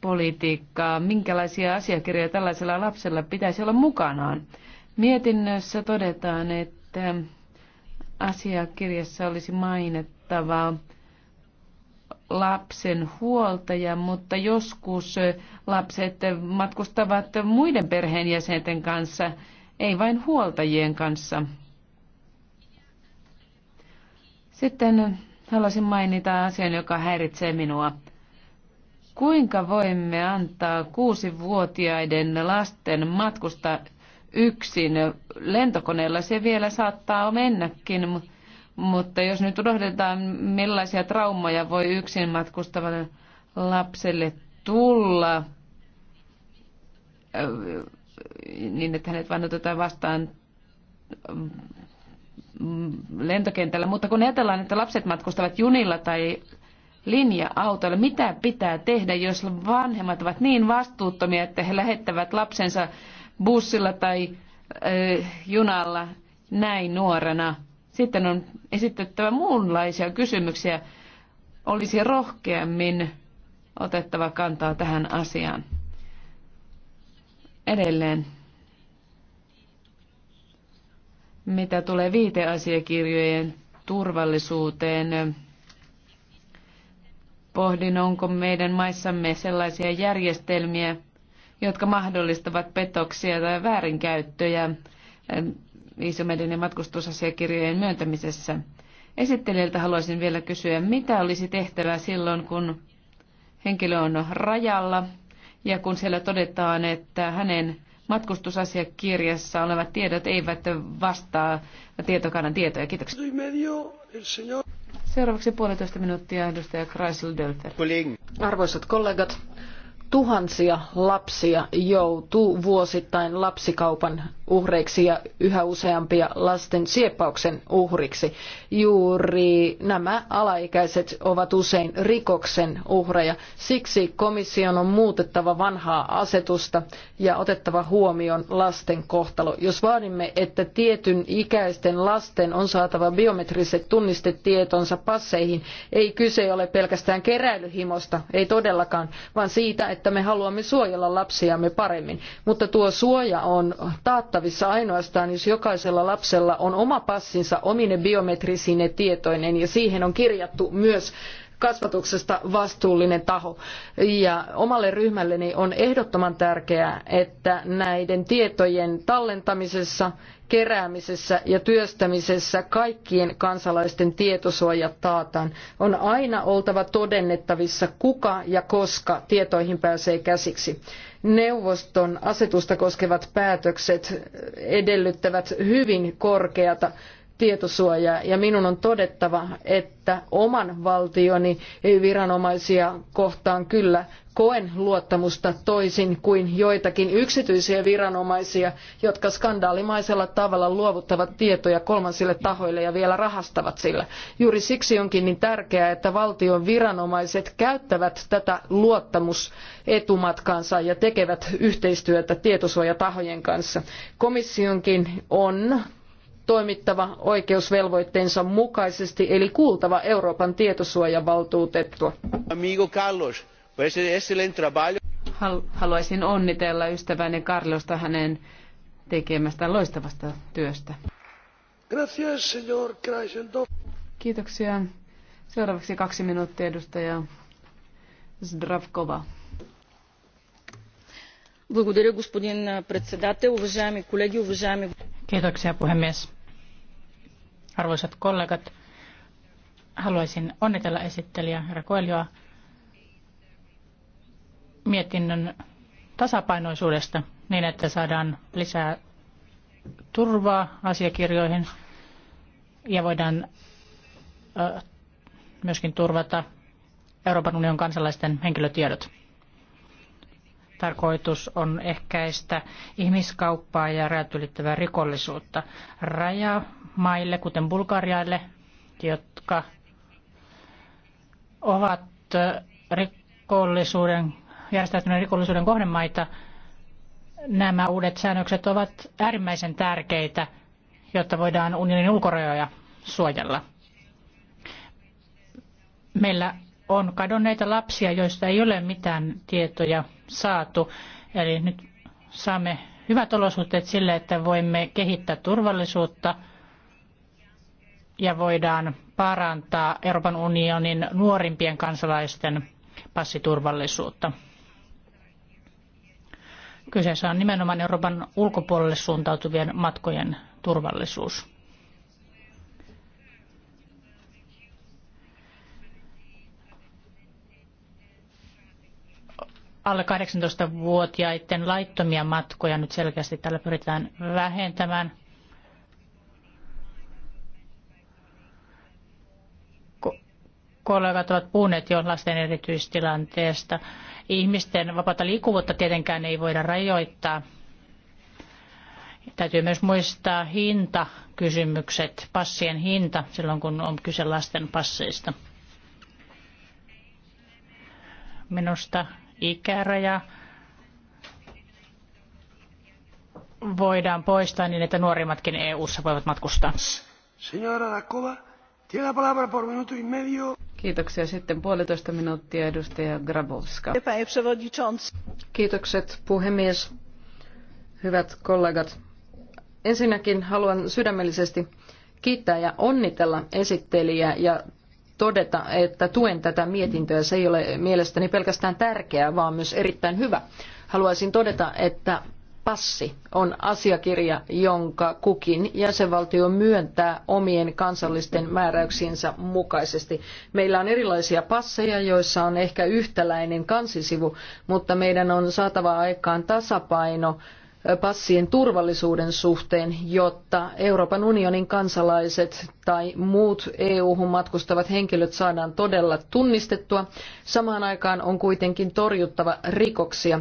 politiikkaa, minkälaisia asiakirjoja tällaisella lapsella pitäisi olla mukanaan. Mietinnössä todetaan, että asiakirjassa olisi mainittava lapsen huoltaja, mutta joskus lapset matkustavat muiden perheenjäsenten kanssa, ei vain huoltajien kanssa. Sitten haluaisin mainita asian, joka häiritsee minua. Kuinka voimme antaa kuusivuotiaiden lasten matkustaa yksin lentokoneella? Se vielä saattaa mennäkin, mutta jos nyt unohdetaan, millaisia traumaja voi yksin matkustavalle lapselle tulla, niin että hänet vain otetaan vastaan mm, lentokentällä, mutta kun ajatellaan, että lapset matkustavat junilla tai linja-autoilla. Mitä pitää tehdä, jos vanhemmat ovat niin vastuuttomia, että he lähettävät lapsensa bussilla tai äh, junalla näin nuorena? Sitten on esitettävä muunlaisia kysymyksiä. Olisi rohkeammin otettava kantaa tähän asiaan. Edelleen. Mitä tulee viiteasiakirjojen turvallisuuteen, Pohdin, onko meidän maissamme sellaisia järjestelmiä, jotka mahdollistavat petoksia tai väärinkäyttöjä viisumeiden eh, ja matkustusasiakirjojen myöntämisessä. Esittelijältä haluaisin vielä kysyä, mitä olisi tehtävä silloin, kun henkilö on rajalla ja kun siellä todetaan, että hänen matkustusasiakirjassa olevat tiedot eivät vastaa tietokannan tietoja. Kiitoksia. Seuraavaksi puolitoista minuuttia edustaja Kreisel Dölfer. Arvoisat kollegat, tuhansia lapsia joutuu vuosittain lapsikaupan uhreiksi ja yhä useampia lasten sieppauksen uhriksi. Juuri nämä alaikäiset ovat usein rikoksen uhreja. Siksi komission on muutettava vanhaa asetusta ja otettava huomioon lasten kohtalo. Jos vaadimme, että tietyn ikäisten lasten on saatava biometriset tunnistetietonsa passeihin, ei kyse ole pelkästään keräilyhimosta, ei todellakaan, vaan siitä, että me haluamme suojella lapsiamme paremmin, mutta tuo suoja on taattavissa ainoastaan, jos jokaisella lapsella on oma passinsa omine biometrisine tietoinen ja siihen on kirjattu myös kasvatuksesta vastuullinen taho. Ja omalle ryhmälleni on ehdottoman tärkeää, että näiden tietojen tallentamisessa, keräämisessä ja työstämisessä kaikkien kansalaisten tietosuoja taataan. On aina oltava todennettavissa, kuka ja koska tietoihin pääsee käsiksi neuvoston asetusta koskevat päätökset edellyttävät hyvin korkeata tietosuojaa ja minun on todettava, että oman valtioni viranomaisia kohtaan kyllä koen luottamusta toisin kuin joitakin yksityisiä viranomaisia, jotka skandaalimaisella tavalla luovuttavat tietoja kolmansille tahoille ja vielä rahastavat sillä. Juuri siksi onkin niin tärkeää, että valtion viranomaiset käyttävät tätä luottamusetumatkaansa ja tekevät yhteistyötä tietosuojatahojen kanssa. Komissionkin on toimittava oikeusvelvoitteensa mukaisesti eli kuultava Euroopan tietosuojavaltuutettua. Amigo Carlos, pues excelente trabajo. Haluaisin onnitella ystäväni Carlosta hänen tekemästä loistavasta työstä. Gracias, señor Kiitoksia. Seuraavaksi kaksi minuuttia edustaja Zdravkova. Благодаря, господин председател. Уважаеми колеги, уважаеми... Kiitoksia, puhemies. Arvoisat kollegat, haluaisin onnitella esittelijä herra Koelioa mietinnön tasapainoisuudesta niin, että saadaan lisää turvaa asiakirjoihin ja voidaan myöskin turvata Euroopan unionin kansalaisten henkilötiedot tarkoitus on ehkäistä ihmiskauppaa ja rajat ylittävää rikollisuutta rajamaille, kuten Bulgarialle, jotka ovat rikollisuuden, järjestäytyneen rikollisuuden kohdemaita. Nämä uudet säännökset ovat äärimmäisen tärkeitä, jotta voidaan unionin ulkorajoja suojella. Meillä on kadonneita lapsia, joista ei ole mitään tietoja saatu. Eli nyt saamme hyvät olosuhteet sille, että voimme kehittää turvallisuutta ja voidaan parantaa Euroopan unionin nuorimpien kansalaisten passiturvallisuutta. Kyseessä on nimenomaan Euroopan ulkopuolelle suuntautuvien matkojen turvallisuus. alle 18-vuotiaiden laittomia matkoja nyt selkeästi tällä pyritään vähentämään. kollegat ovat puhuneet jo lasten erityistilanteesta. Ihmisten vapaata liikkuvuutta tietenkään ei voida rajoittaa. Täytyy myös muistaa hintakysymykset, passien hinta silloin kun on kyse lasten passeista. Minusta ikäraja voidaan poistaa niin, että nuorimmatkin EU-ssa voivat matkustaa. Kiitoksia. Sitten puolitoista minuuttia edustaja Grabowska. Kiitokset puhemies. Hyvät kollegat. Ensinnäkin haluan sydämellisesti kiittää ja onnitella esittelijää ja todeta, että tuen tätä mietintöä. Se ei ole mielestäni pelkästään tärkeää, vaan myös erittäin hyvä. Haluaisin todeta, että passi on asiakirja, jonka kukin jäsenvaltio myöntää omien kansallisten määräyksiensä mukaisesti. Meillä on erilaisia passeja, joissa on ehkä yhtäläinen kansisivu, mutta meidän on saatava aikaan tasapaino passien turvallisuuden suhteen, jotta Euroopan unionin kansalaiset tai muut EU-hun matkustavat henkilöt saadaan todella tunnistettua. Samaan aikaan on kuitenkin torjuttava rikoksia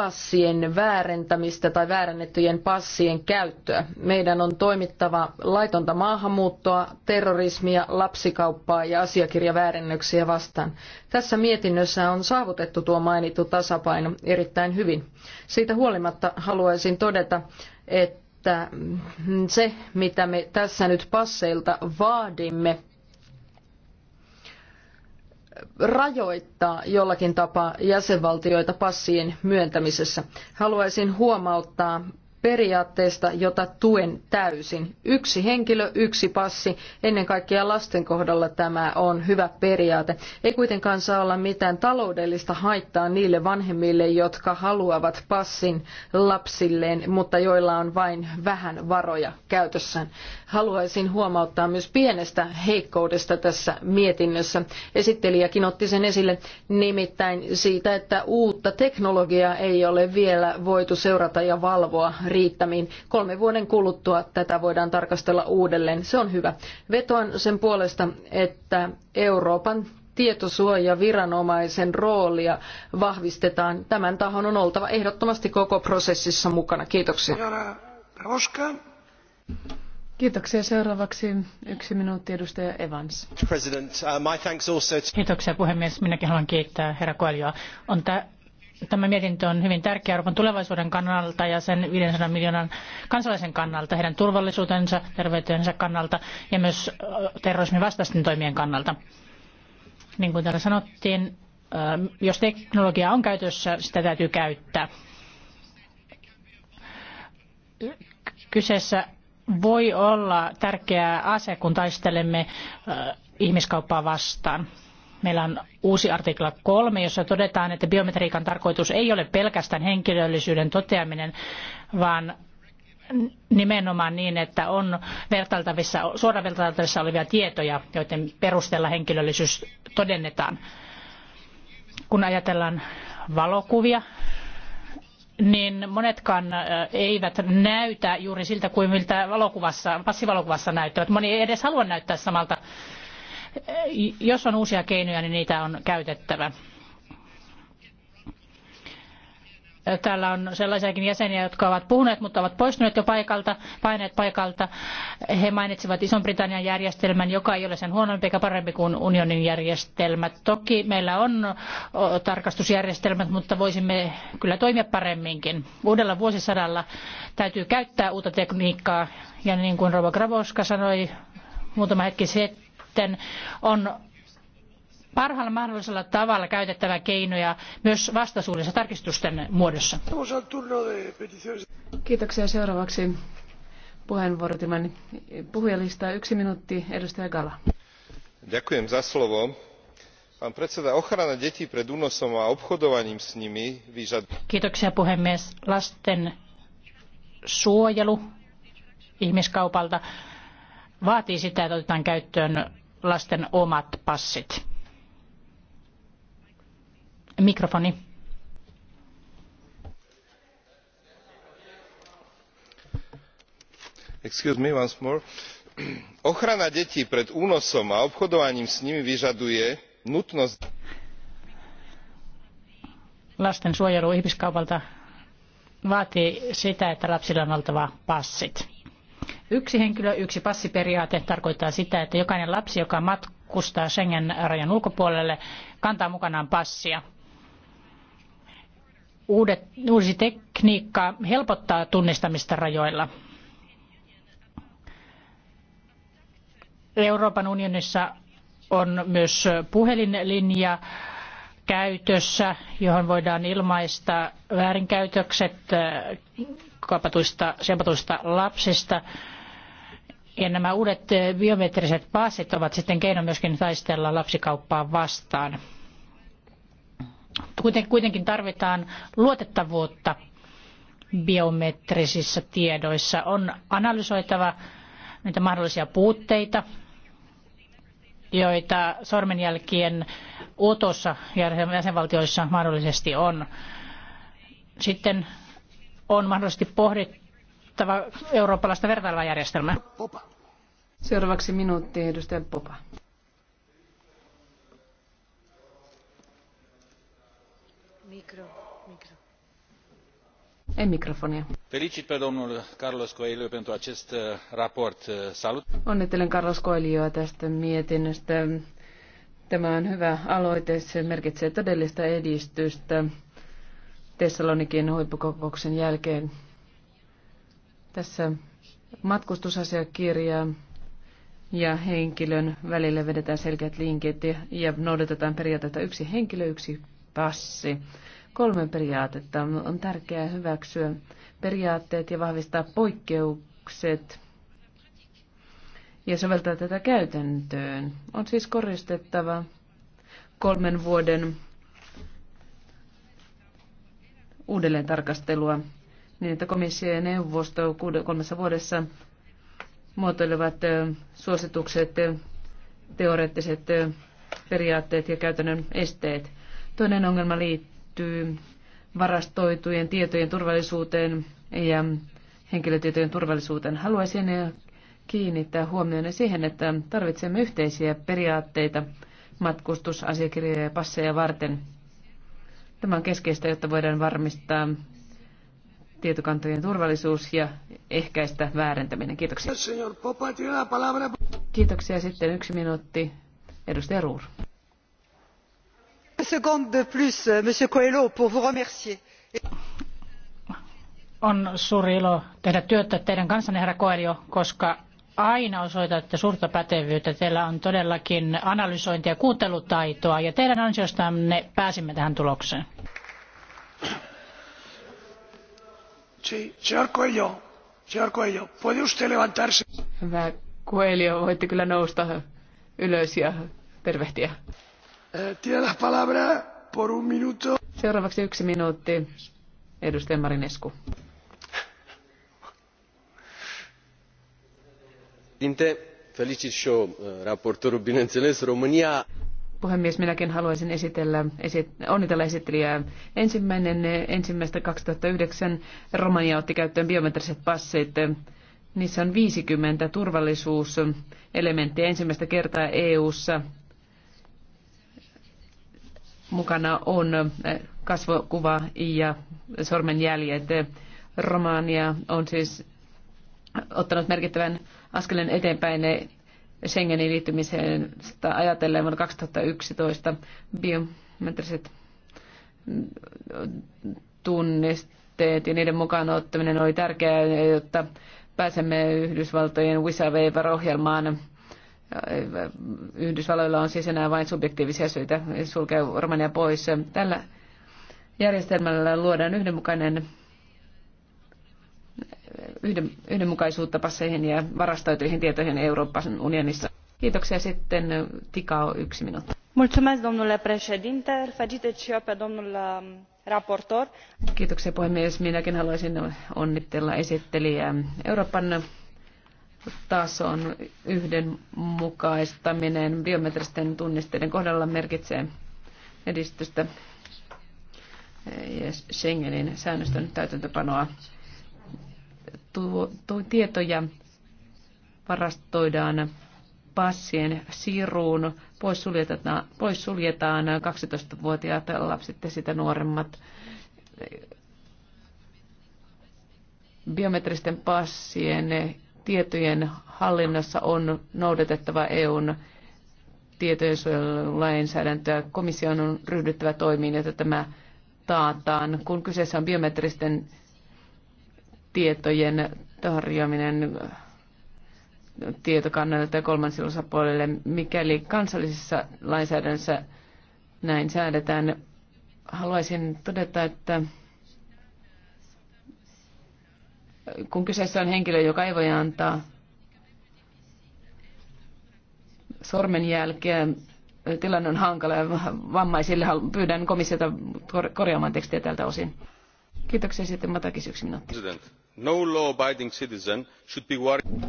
passien väärentämistä tai väärennettyjen passien käyttöä. Meidän on toimittava laitonta maahanmuuttoa, terrorismia, lapsikauppaa ja asiakirjaväärennöksiä vastaan. Tässä mietinnössä on saavutettu tuo mainittu tasapaino erittäin hyvin. Siitä huolimatta haluaisin todeta, että että se, mitä me tässä nyt passeilta vaadimme, rajoittaa jollakin tapaa jäsenvaltioita passien myöntämisessä. Haluaisin huomauttaa periaatteesta, jota tuen täysin. Yksi henkilö, yksi passi. Ennen kaikkea lasten kohdalla tämä on hyvä periaate. Ei kuitenkaan saa olla mitään taloudellista haittaa niille vanhemmille, jotka haluavat passin lapsilleen, mutta joilla on vain vähän varoja käytössään. Haluaisin huomauttaa myös pienestä heikkoudesta tässä mietinnössä. Esittelijäkin otti sen esille nimittäin siitä, että uutta teknologiaa ei ole vielä voitu seurata ja valvoa riittämiin. Kolmen vuoden kuluttua tätä voidaan tarkastella uudelleen. Se on hyvä. Vetoan sen puolesta, että Euroopan tietosuojaviranomaisen roolia vahvistetaan. Tämän tahon on oltava ehdottomasti koko prosessissa mukana. Kiitoksia. Kiitoksia. Seuraavaksi yksi minuutti edustaja Evans. Uh, Kiitoksia puhemies. Minäkin haluan kiittää herra Koelioa. On tä- Tämä mietintö on hyvin tärkeä Euroopan tulevaisuuden kannalta ja sen 500 miljoonan kansalaisen kannalta, heidän turvallisuutensa, terveytensä kannalta ja myös terrorismin vastaisten toimien kannalta. Niin kuin täällä sanottiin, jos teknologia on käytössä, sitä täytyy käyttää. Kyseessä voi olla tärkeä ase, kun taistelemme ihmiskauppaa vastaan. Meillä on uusi artikla kolme, jossa todetaan, että biometriikan tarkoitus ei ole pelkästään henkilöllisyyden toteaminen, vaan nimenomaan niin, että on vertailtavissa, suoraan vertailtavissa olevia tietoja, joiden perusteella henkilöllisyys todennetaan. Kun ajatellaan valokuvia, niin monetkaan eivät näytä juuri siltä kuin miltä valokuvassa, passivalokuvassa näyttävät. Moni ei edes halua näyttää samalta. Jos on uusia keinoja, niin niitä on käytettävä. Täällä on sellaisiakin jäseniä, jotka ovat puhuneet, mutta ovat poistuneet jo paikalta, paineet paikalta. He mainitsivat Ison-Britannian järjestelmän, joka ei ole sen huonompi eikä parempi kuin unionin järjestelmät. Toki meillä on tarkastusjärjestelmät, mutta voisimme kyllä toimia paremminkin. Uudella vuosisadalla täytyy käyttää uutta tekniikkaa ja niin kuin Rova Gravoska sanoi muutama hetki sitten, on parhaalla mahdollisella tavalla käytettävä keinoja myös vastaisuudessa tarkistusten muodossa. Kiitoksia. Seuraavaksi puheenvuorot ilman puhujalistaa. Yksi minuutti, edustaja Gala. Ďakujem za slovo. Pán predseda, ochrana detí pred únosom a obchodovaním s nimi vyžaduje... Kiitoksia puhemies. Lasten suojelu ihmiskaupalta vaatii sitä, että otetaan käyttöön lasten omat passit Mikrofoni. Excuse me once more. Ochrana detí pred únosom a obchodovaním s nimi vyžaduje nutnosť... Lasten suojelu ihmiskaupalta vaatii sitä, että lapsilla on oltava passit. Yksi henkilö, yksi passiperiaate tarkoittaa sitä, että jokainen lapsi, joka matkustaa Schengen-rajan ulkopuolelle, kantaa mukanaan passia. Uudet, uusi tekniikka helpottaa tunnistamista rajoilla. Euroopan unionissa on myös puhelinlinja käytössä, johon voidaan ilmaista väärinkäytökset äh, kaapatuista, siepatuista lapsista. Ja nämä uudet äh, biometriset passit ovat sitten keino myöskin taistella lapsikauppaa vastaan. Kuitenkin tarvitaan luotettavuutta biometrisissä tiedoissa. On analysoitava niitä mahdollisia puutteita, joita sormenjälkien otossa jäsenvaltioissa mahdollisesti on. Sitten on mahdollisesti pohdittava eurooppalaista vertailua järjestelmää. Seuraavaksi minuutti, edustaja Popa. Mikro, mikrofonia. Felicit pe domnul Carlos Coelho pentru acest uh, raport. Uh, salut! Onnittelen Carlos Coelhoa tästä mietinnöstä. Tämä on hyvä aloite. Se merkitsee todellista edistystä Tessalonikin huippukokouksen jälkeen. Tässä matkustusasiakirja ja henkilön välille vedetään selkeät linkit ja noudatetaan periaatetta yksi henkilö, yksi passi. Kolme periaatetta. On tärkeää hyväksyä periaatteet ja vahvistaa poikkeukset ja soveltaa tätä käytäntöön. On siis koristettava kolmen vuoden uudelleen tarkastelua niin, että komissio ja neuvosto kolmessa vuodessa muotoilevat suositukset, teoreettiset periaatteet ja käytännön esteet. Toinen ongelma liittyy varastoitujen tietojen turvallisuuteen ja henkilötietojen turvallisuuteen. Haluaisin kiinnittää huomioon siihen, että tarvitsemme yhteisiä periaatteita matkustusasiakirjoja ja passeja varten. Tämä on keskeistä, jotta voidaan varmistaa tietokantojen turvallisuus ja ehkäistä väärentäminen. Kiitoksia. Kiitoksia. Sitten yksi minuutti. Edustaja Ruur quelques secondes de plus euh, monsieur coelho pour vous remercier. on suuri ilo tehdä työtä teidän kanssanne herra coelho koska aina osoitatte suurta pätevyyttä. Teillä on todellakin analysointi ja kuuntelutaitoa ja teidän ansiostanne pääsimme tähän tulokseen. Hyvä Coelho, voitte kyllä nousta ylös ja tervehtiä. Eh, Seuraavaksi yksi minuutti. Edustaja Marinescu. Felicit și eu eh, raportorul, bineînțeles, România puhemies, minäkin haluaisin esitellä, esit, onnitella esittelijää. Ensimmäinen, ensimmäistä 2009 Romania otti käyttöön biometriset passit. Niissä on 50 turvallisuuselementtiä ensimmäistä kertaa EU-ssa mukana on eh, kasvokuva ja sormenjäljet. Romania on siis ottanut merkittävän askeleen eteenpäin Schengenin liittymiseen ajatellen vuonna 2011 biometriset tunnisteet ja niiden mukaan ottaminen oli tärkeää, jotta pääsemme Yhdysvaltojen Visa Waiver-ohjelmaan Yhdysvalloilla on siis enää vain subjektiivisia syitä sulkea Romania pois. Tällä järjestelmällä luodaan yhdenmukainen yhden, yhdenmukaisuutta passeihin ja varastoituihin tietoihin Euroopan unionissa. Kiitoksia sitten Tikao yksi minuutti. Mulțumesc, domnule președinte. Felicit și eu pe domnul um, raportor. Kiitoksia puhemies. Minäkin haluaisin onnitella esittelijää. Euroopan tason yhdenmukaistaminen biometristen tunnisteiden kohdalla merkitsee edistystä ja Schengenin säännöstön täytäntöpanoa. Tu, Tuo tietoja varastoidaan passien siruun, poissuljetaan, poissuljetaan 12-vuotiaat lapset ja sitä nuoremmat. Biometristen passien tietojen hallinnassa on noudatettava EUn tietojensuojelulainsäädäntöä. Komission on ryhdyttävä toimiin, jotta tämä taataan. Kun kyseessä on biometristen tietojen tarjoaminen tietokannalle tai kolmansille osapuolille, mikäli kansallisessa lainsäädännössä näin säädetään, haluaisin todeta, että kun kyseessä on henkilö, joka ei voi antaa sormenjälkeä, tilanne on hankala ja vammaisille pyydän komissiota korjaamaan tekstiä tältä osin. Kiitoksia sitten Matakis yksi minuutti. President. No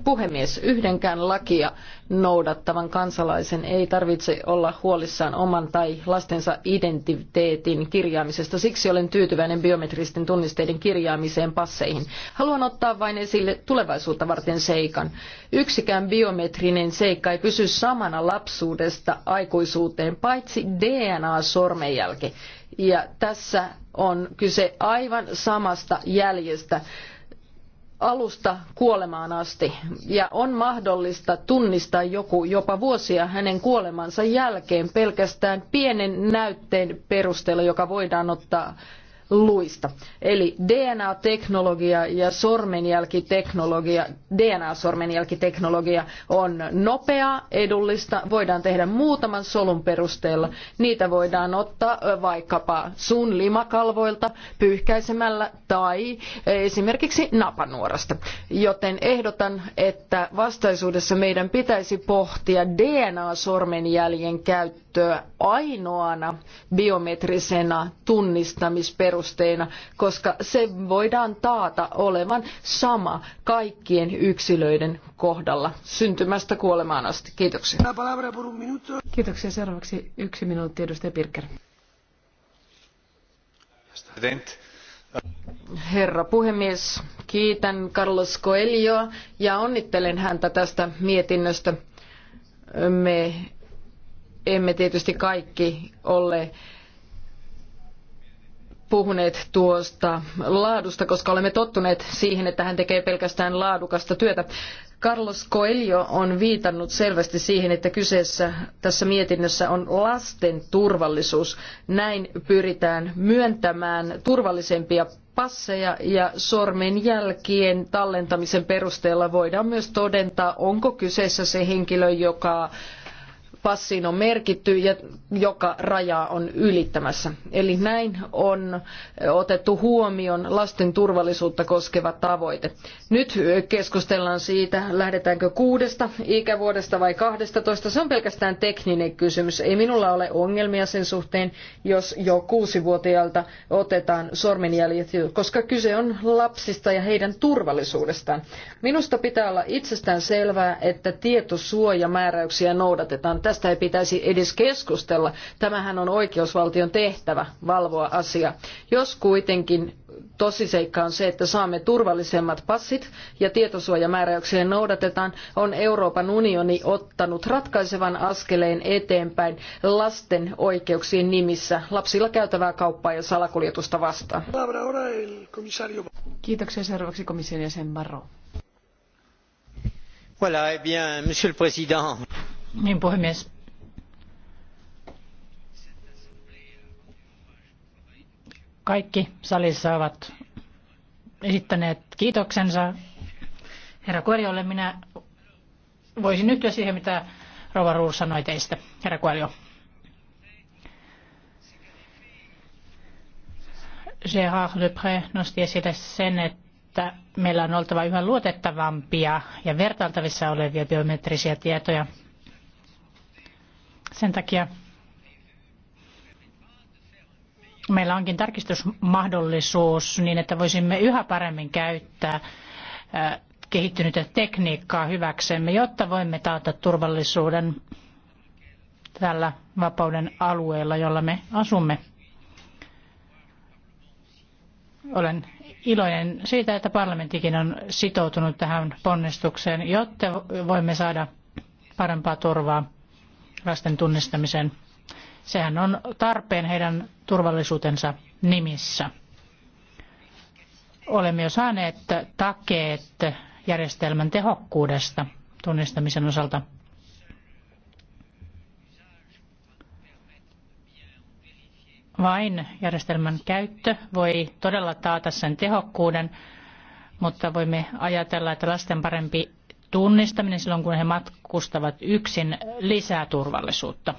Puhemies, yhdenkään lakia noudattavan kansalaisen ei tarvitse olla huolissaan oman tai lastensa identiteetin kirjaamisesta. Siksi olen tyytyväinen biometristen tunnisteiden kirjaamiseen passeihin. Haluan ottaa vain esille tulevaisuutta varten seikan. Yksikään biometrinen seikka ei pysy samana lapsuudesta aikuisuuteen, paitsi DNA-sormenjälki. Ja tässä on kyse aivan samasta jäljestä alusta kuolemaan asti ja on mahdollista tunnistaa joku jopa vuosia hänen kuolemansa jälkeen pelkästään pienen näytteen perusteella, joka voidaan ottaa luista. Eli DNA-teknologia ja sormenjälkiteknologia, DNA-sormenjälkiteknologia on nopeaa, edullista, voidaan tehdä muutaman solun perusteella. Niitä voidaan ottaa vaikkapa sun limakalvoilta pyyhkäisemällä tai esimerkiksi napanuorasta. Joten ehdotan, että vastaisuudessa meidän pitäisi pohtia DNA-sormenjäljen käyttöä käyttöä ainoana biometrisenä tunnistamisperusteena, koska se voidaan taata olevan sama kaikkien yksilöiden kohdalla syntymästä kuolemaan asti. Kiitoksia. Kiitoksia. Seuraavaksi yksi minuutti edustaja Pirker. Herra puhemies, kiitän Carlos Coelhoa ja onnittelen häntä tästä mietinnöstä. Me emme tietysti kaikki ole puhuneet tuosta laadusta, koska olemme tottuneet siihen, että hän tekee pelkästään laadukasta työtä. Carlos Coelho on viitannut selvästi siihen, että kyseessä tässä mietinnössä on lasten turvallisuus. Näin pyritään myöntämään turvallisempia passeja ja sormenjälkien tallentamisen perusteella voidaan myös todentaa, onko kyseessä se henkilö, joka passiin on merkitty ja joka rajaa on ylittämässä. Eli näin on otettu huomioon lasten turvallisuutta koskeva tavoite. Nyt keskustellaan siitä, lähdetäänkö kuudesta ikävuodesta vai kahdestatoista. Se on pelkästään tekninen kysymys. Ei minulla ole ongelmia sen suhteen, jos jo kuusivuotiaalta otetaan sormenjäljet, koska kyse on lapsista ja heidän turvallisuudestaan. Minusta pitää olla itsestään selvää, että tietosuojamääräyksiä noudatetaan. Tästä ei pitäisi edes keskustella. Tämähän on oikeusvaltion tehtävä valvoa asiaa. Jos kuitenkin tosiseikka on se, että saamme turvallisemmat passit ja tietosuojamääräyksiä noudatetaan, on Euroopan unioni ottanut ratkaisevan askeleen eteenpäin lasten oikeuksien nimissä lapsilla käytävää kauppaa ja salakuljetusta vastaan. Kiitoksia seuraavaksi komission jäsen Barro. Voilà, eh bien, monsieur le président niin puhemies. Kaikki salissa ovat esittäneet kiitoksensa herra Kuoriolle. Minä voisin yhtyä siihen, mitä Rova Ruur sanoi teistä, herra Kuorio. Gérard Lepré nosti esille sen, että meillä on oltava yhä luotettavampia ja vertailtavissa olevia biometrisiä tietoja – sen takia meillä onkin tarkistusmahdollisuus niin, että voisimme yhä paremmin käyttää kehittynyttä tekniikkaa hyväksemme, jotta voimme taata turvallisuuden tällä vapauden alueella, jolla me asumme. Olen iloinen siitä, että parlamenttikin on sitoutunut tähän ponnistukseen, jotta voimme saada parempaa turvaa lasten tunnistamisen. Sehän on tarpeen heidän turvallisuutensa nimissä. Olemme jo saaneet takeet järjestelmän tehokkuudesta tunnistamisen osalta. Vain järjestelmän käyttö voi todella taata sen tehokkuuden, mutta voimme ajatella, että lasten parempi tunnistaminen silloin, kun he matkustavat yksin, lisää turvallisuutta.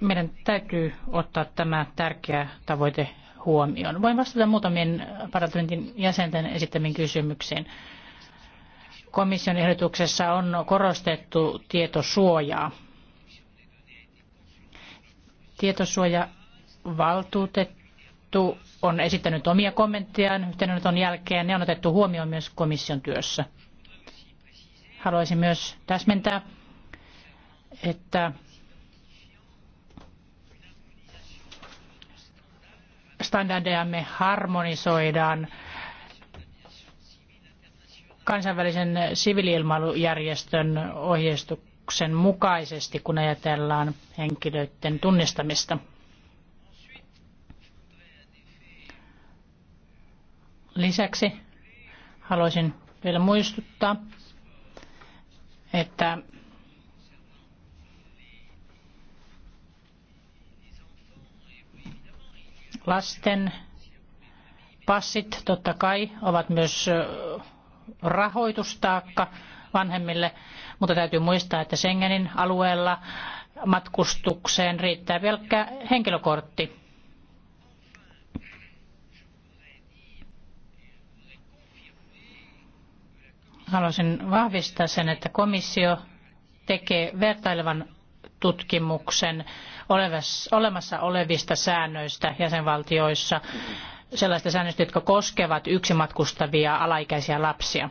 Meidän täytyy ottaa tämä tärkeä tavoite huomioon. Voin vastata muutamien parlamentin jäsenten esittämiin kysymyksiin. Komission ehdotuksessa on korostettu tietosuojaa. Tietosuoja valtuutettu otettu, on esittänyt omia kommenttejaan yhteydenoton jälkeen. Ne on otettu huomioon myös komission työssä. Haluaisin myös täsmentää, että standardejamme harmonisoidaan kansainvälisen siviiliilmailujärjestön ohjeistuksen mukaisesti, kun ajatellaan henkilöiden tunnistamista. Lisäksi haluaisin vielä muistuttaa, että lasten passit totta kai ovat myös rahoitustaakka vanhemmille, mutta täytyy muistaa, että Schengenin alueella matkustukseen riittää pelkkä henkilökortti. haluaisin vahvistaa sen, että komissio tekee vertailevan tutkimuksen olemassa olevista säännöistä jäsenvaltioissa, sellaista säännöistä, jotka koskevat yksimatkustavia alaikäisiä lapsia.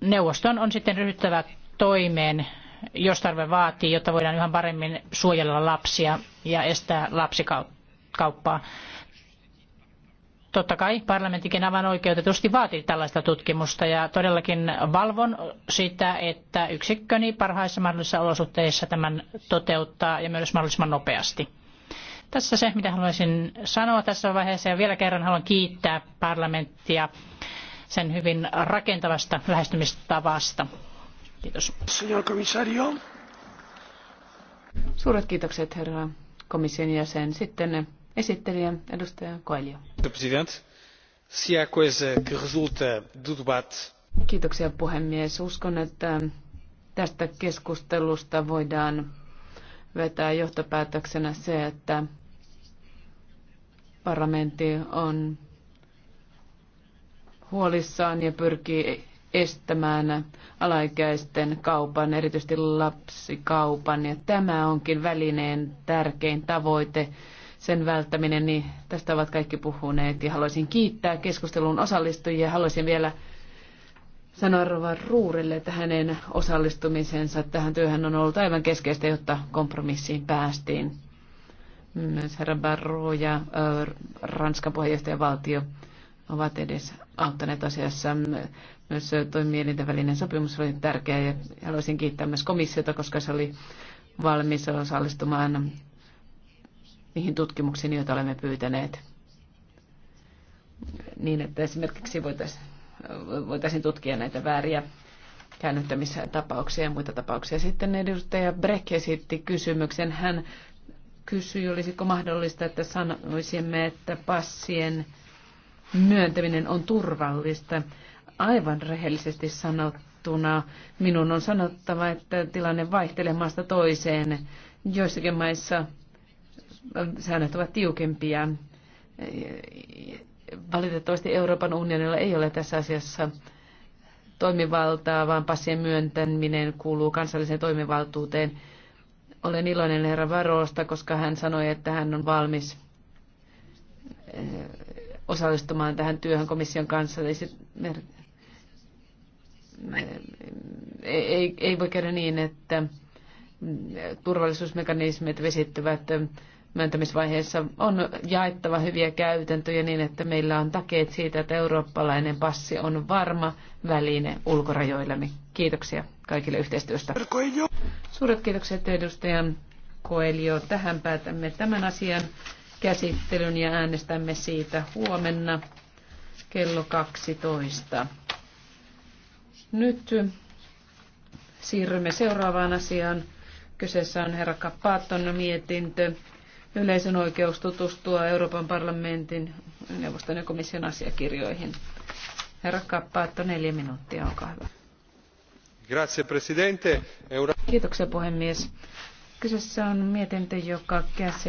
Neuvoston on sitten ryhdyttävä toimeen, jos tarve vaatii, jotta voidaan yhä paremmin suojella lapsia ja estää lapsikauppaa. Totta kai parlamenttikin aivan oikeutetusti vaatii tällaista tutkimusta ja todellakin valvon sitä, että yksikköni parhaissa mahdollisissa olosuhteissa tämän toteuttaa ja myös mahdollisimman nopeasti. Tässä se, mitä haluaisin sanoa tässä vaiheessa ja vielä kerran haluan kiittää parlamenttia sen hyvin rakentavasta lähestymistavasta. Kiitos. Suuret kiitokset herra komission jäsen. Sitten Esittelijä, edustaja Koelio. Kiitoksia puhemies. Uskon, että tästä keskustelusta voidaan vetää johtopäätöksenä se, että parlamentti on huolissaan ja pyrkii estämään alaikäisten kaupan, erityisesti lapsikaupan. Ja tämä onkin välineen tärkein tavoite sen välttäminen, niin tästä ovat kaikki puhuneet. Ja haluaisin kiittää keskustelun osallistujia. Haluaisin vielä sanoa Rova Ruurille, että hänen osallistumisensa tähän työhön on ollut aivan keskeistä, jotta kompromissiin päästiin. Myös herra Barro ja Ranskan puheenjohtajavaltio ovat edes auttaneet asiassa. Myös tuo mielintävälinen sopimus oli tärkeä ja haluaisin kiittää myös komissiota, koska se oli valmis osallistumaan niihin tutkimuksiin, joita olemme pyytäneet. Niin, että esimerkiksi voitaisiin, voitaisiin tutkia näitä vääriä tapauksia ja muita tapauksia. Sitten edustaja Breck esitti kysymyksen. Hän kysyi, olisiko mahdollista, että sanoisimme, että passien myöntäminen on turvallista. Aivan rehellisesti sanottuna minun on sanottava, että tilanne vaihtelee maasta toiseen. Joissakin maissa säännöt ovat tiukempia. Valitettavasti Euroopan unionilla ei ole tässä asiassa toimivaltaa, vaan passien myöntäminen kuuluu kansalliseen toimivaltuuteen. Olen iloinen herra Varosta, koska hän sanoi, että hän on valmis eh, osallistumaan tähän työhön komission kanssa. Ei, ei voi käydä niin, että turvallisuusmekanismit vesittyvät myöntämisvaiheessa on jaettava hyviä käytäntöjä niin, että meillä on takeet siitä, että eurooppalainen passi on varma väline ulkorajoillemme. Kiitoksia kaikille yhteistyöstä. Suuret kiitokset edustajan Koelio. Tähän päätämme tämän asian käsittelyn ja äänestämme siitä huomenna kello 12. Nyt siirrymme seuraavaan asiaan. Kyseessä on herra Kapaton mietintö yleisön oikeus tutustua Euroopan parlamentin neuvoston ja komission asiakirjoihin. Herra Kappaatto, neljä minuuttia, olkaa hyvä. Grazie, presidente. Kiitoksia puhemies. Kyseessä on mietintö, joka käsi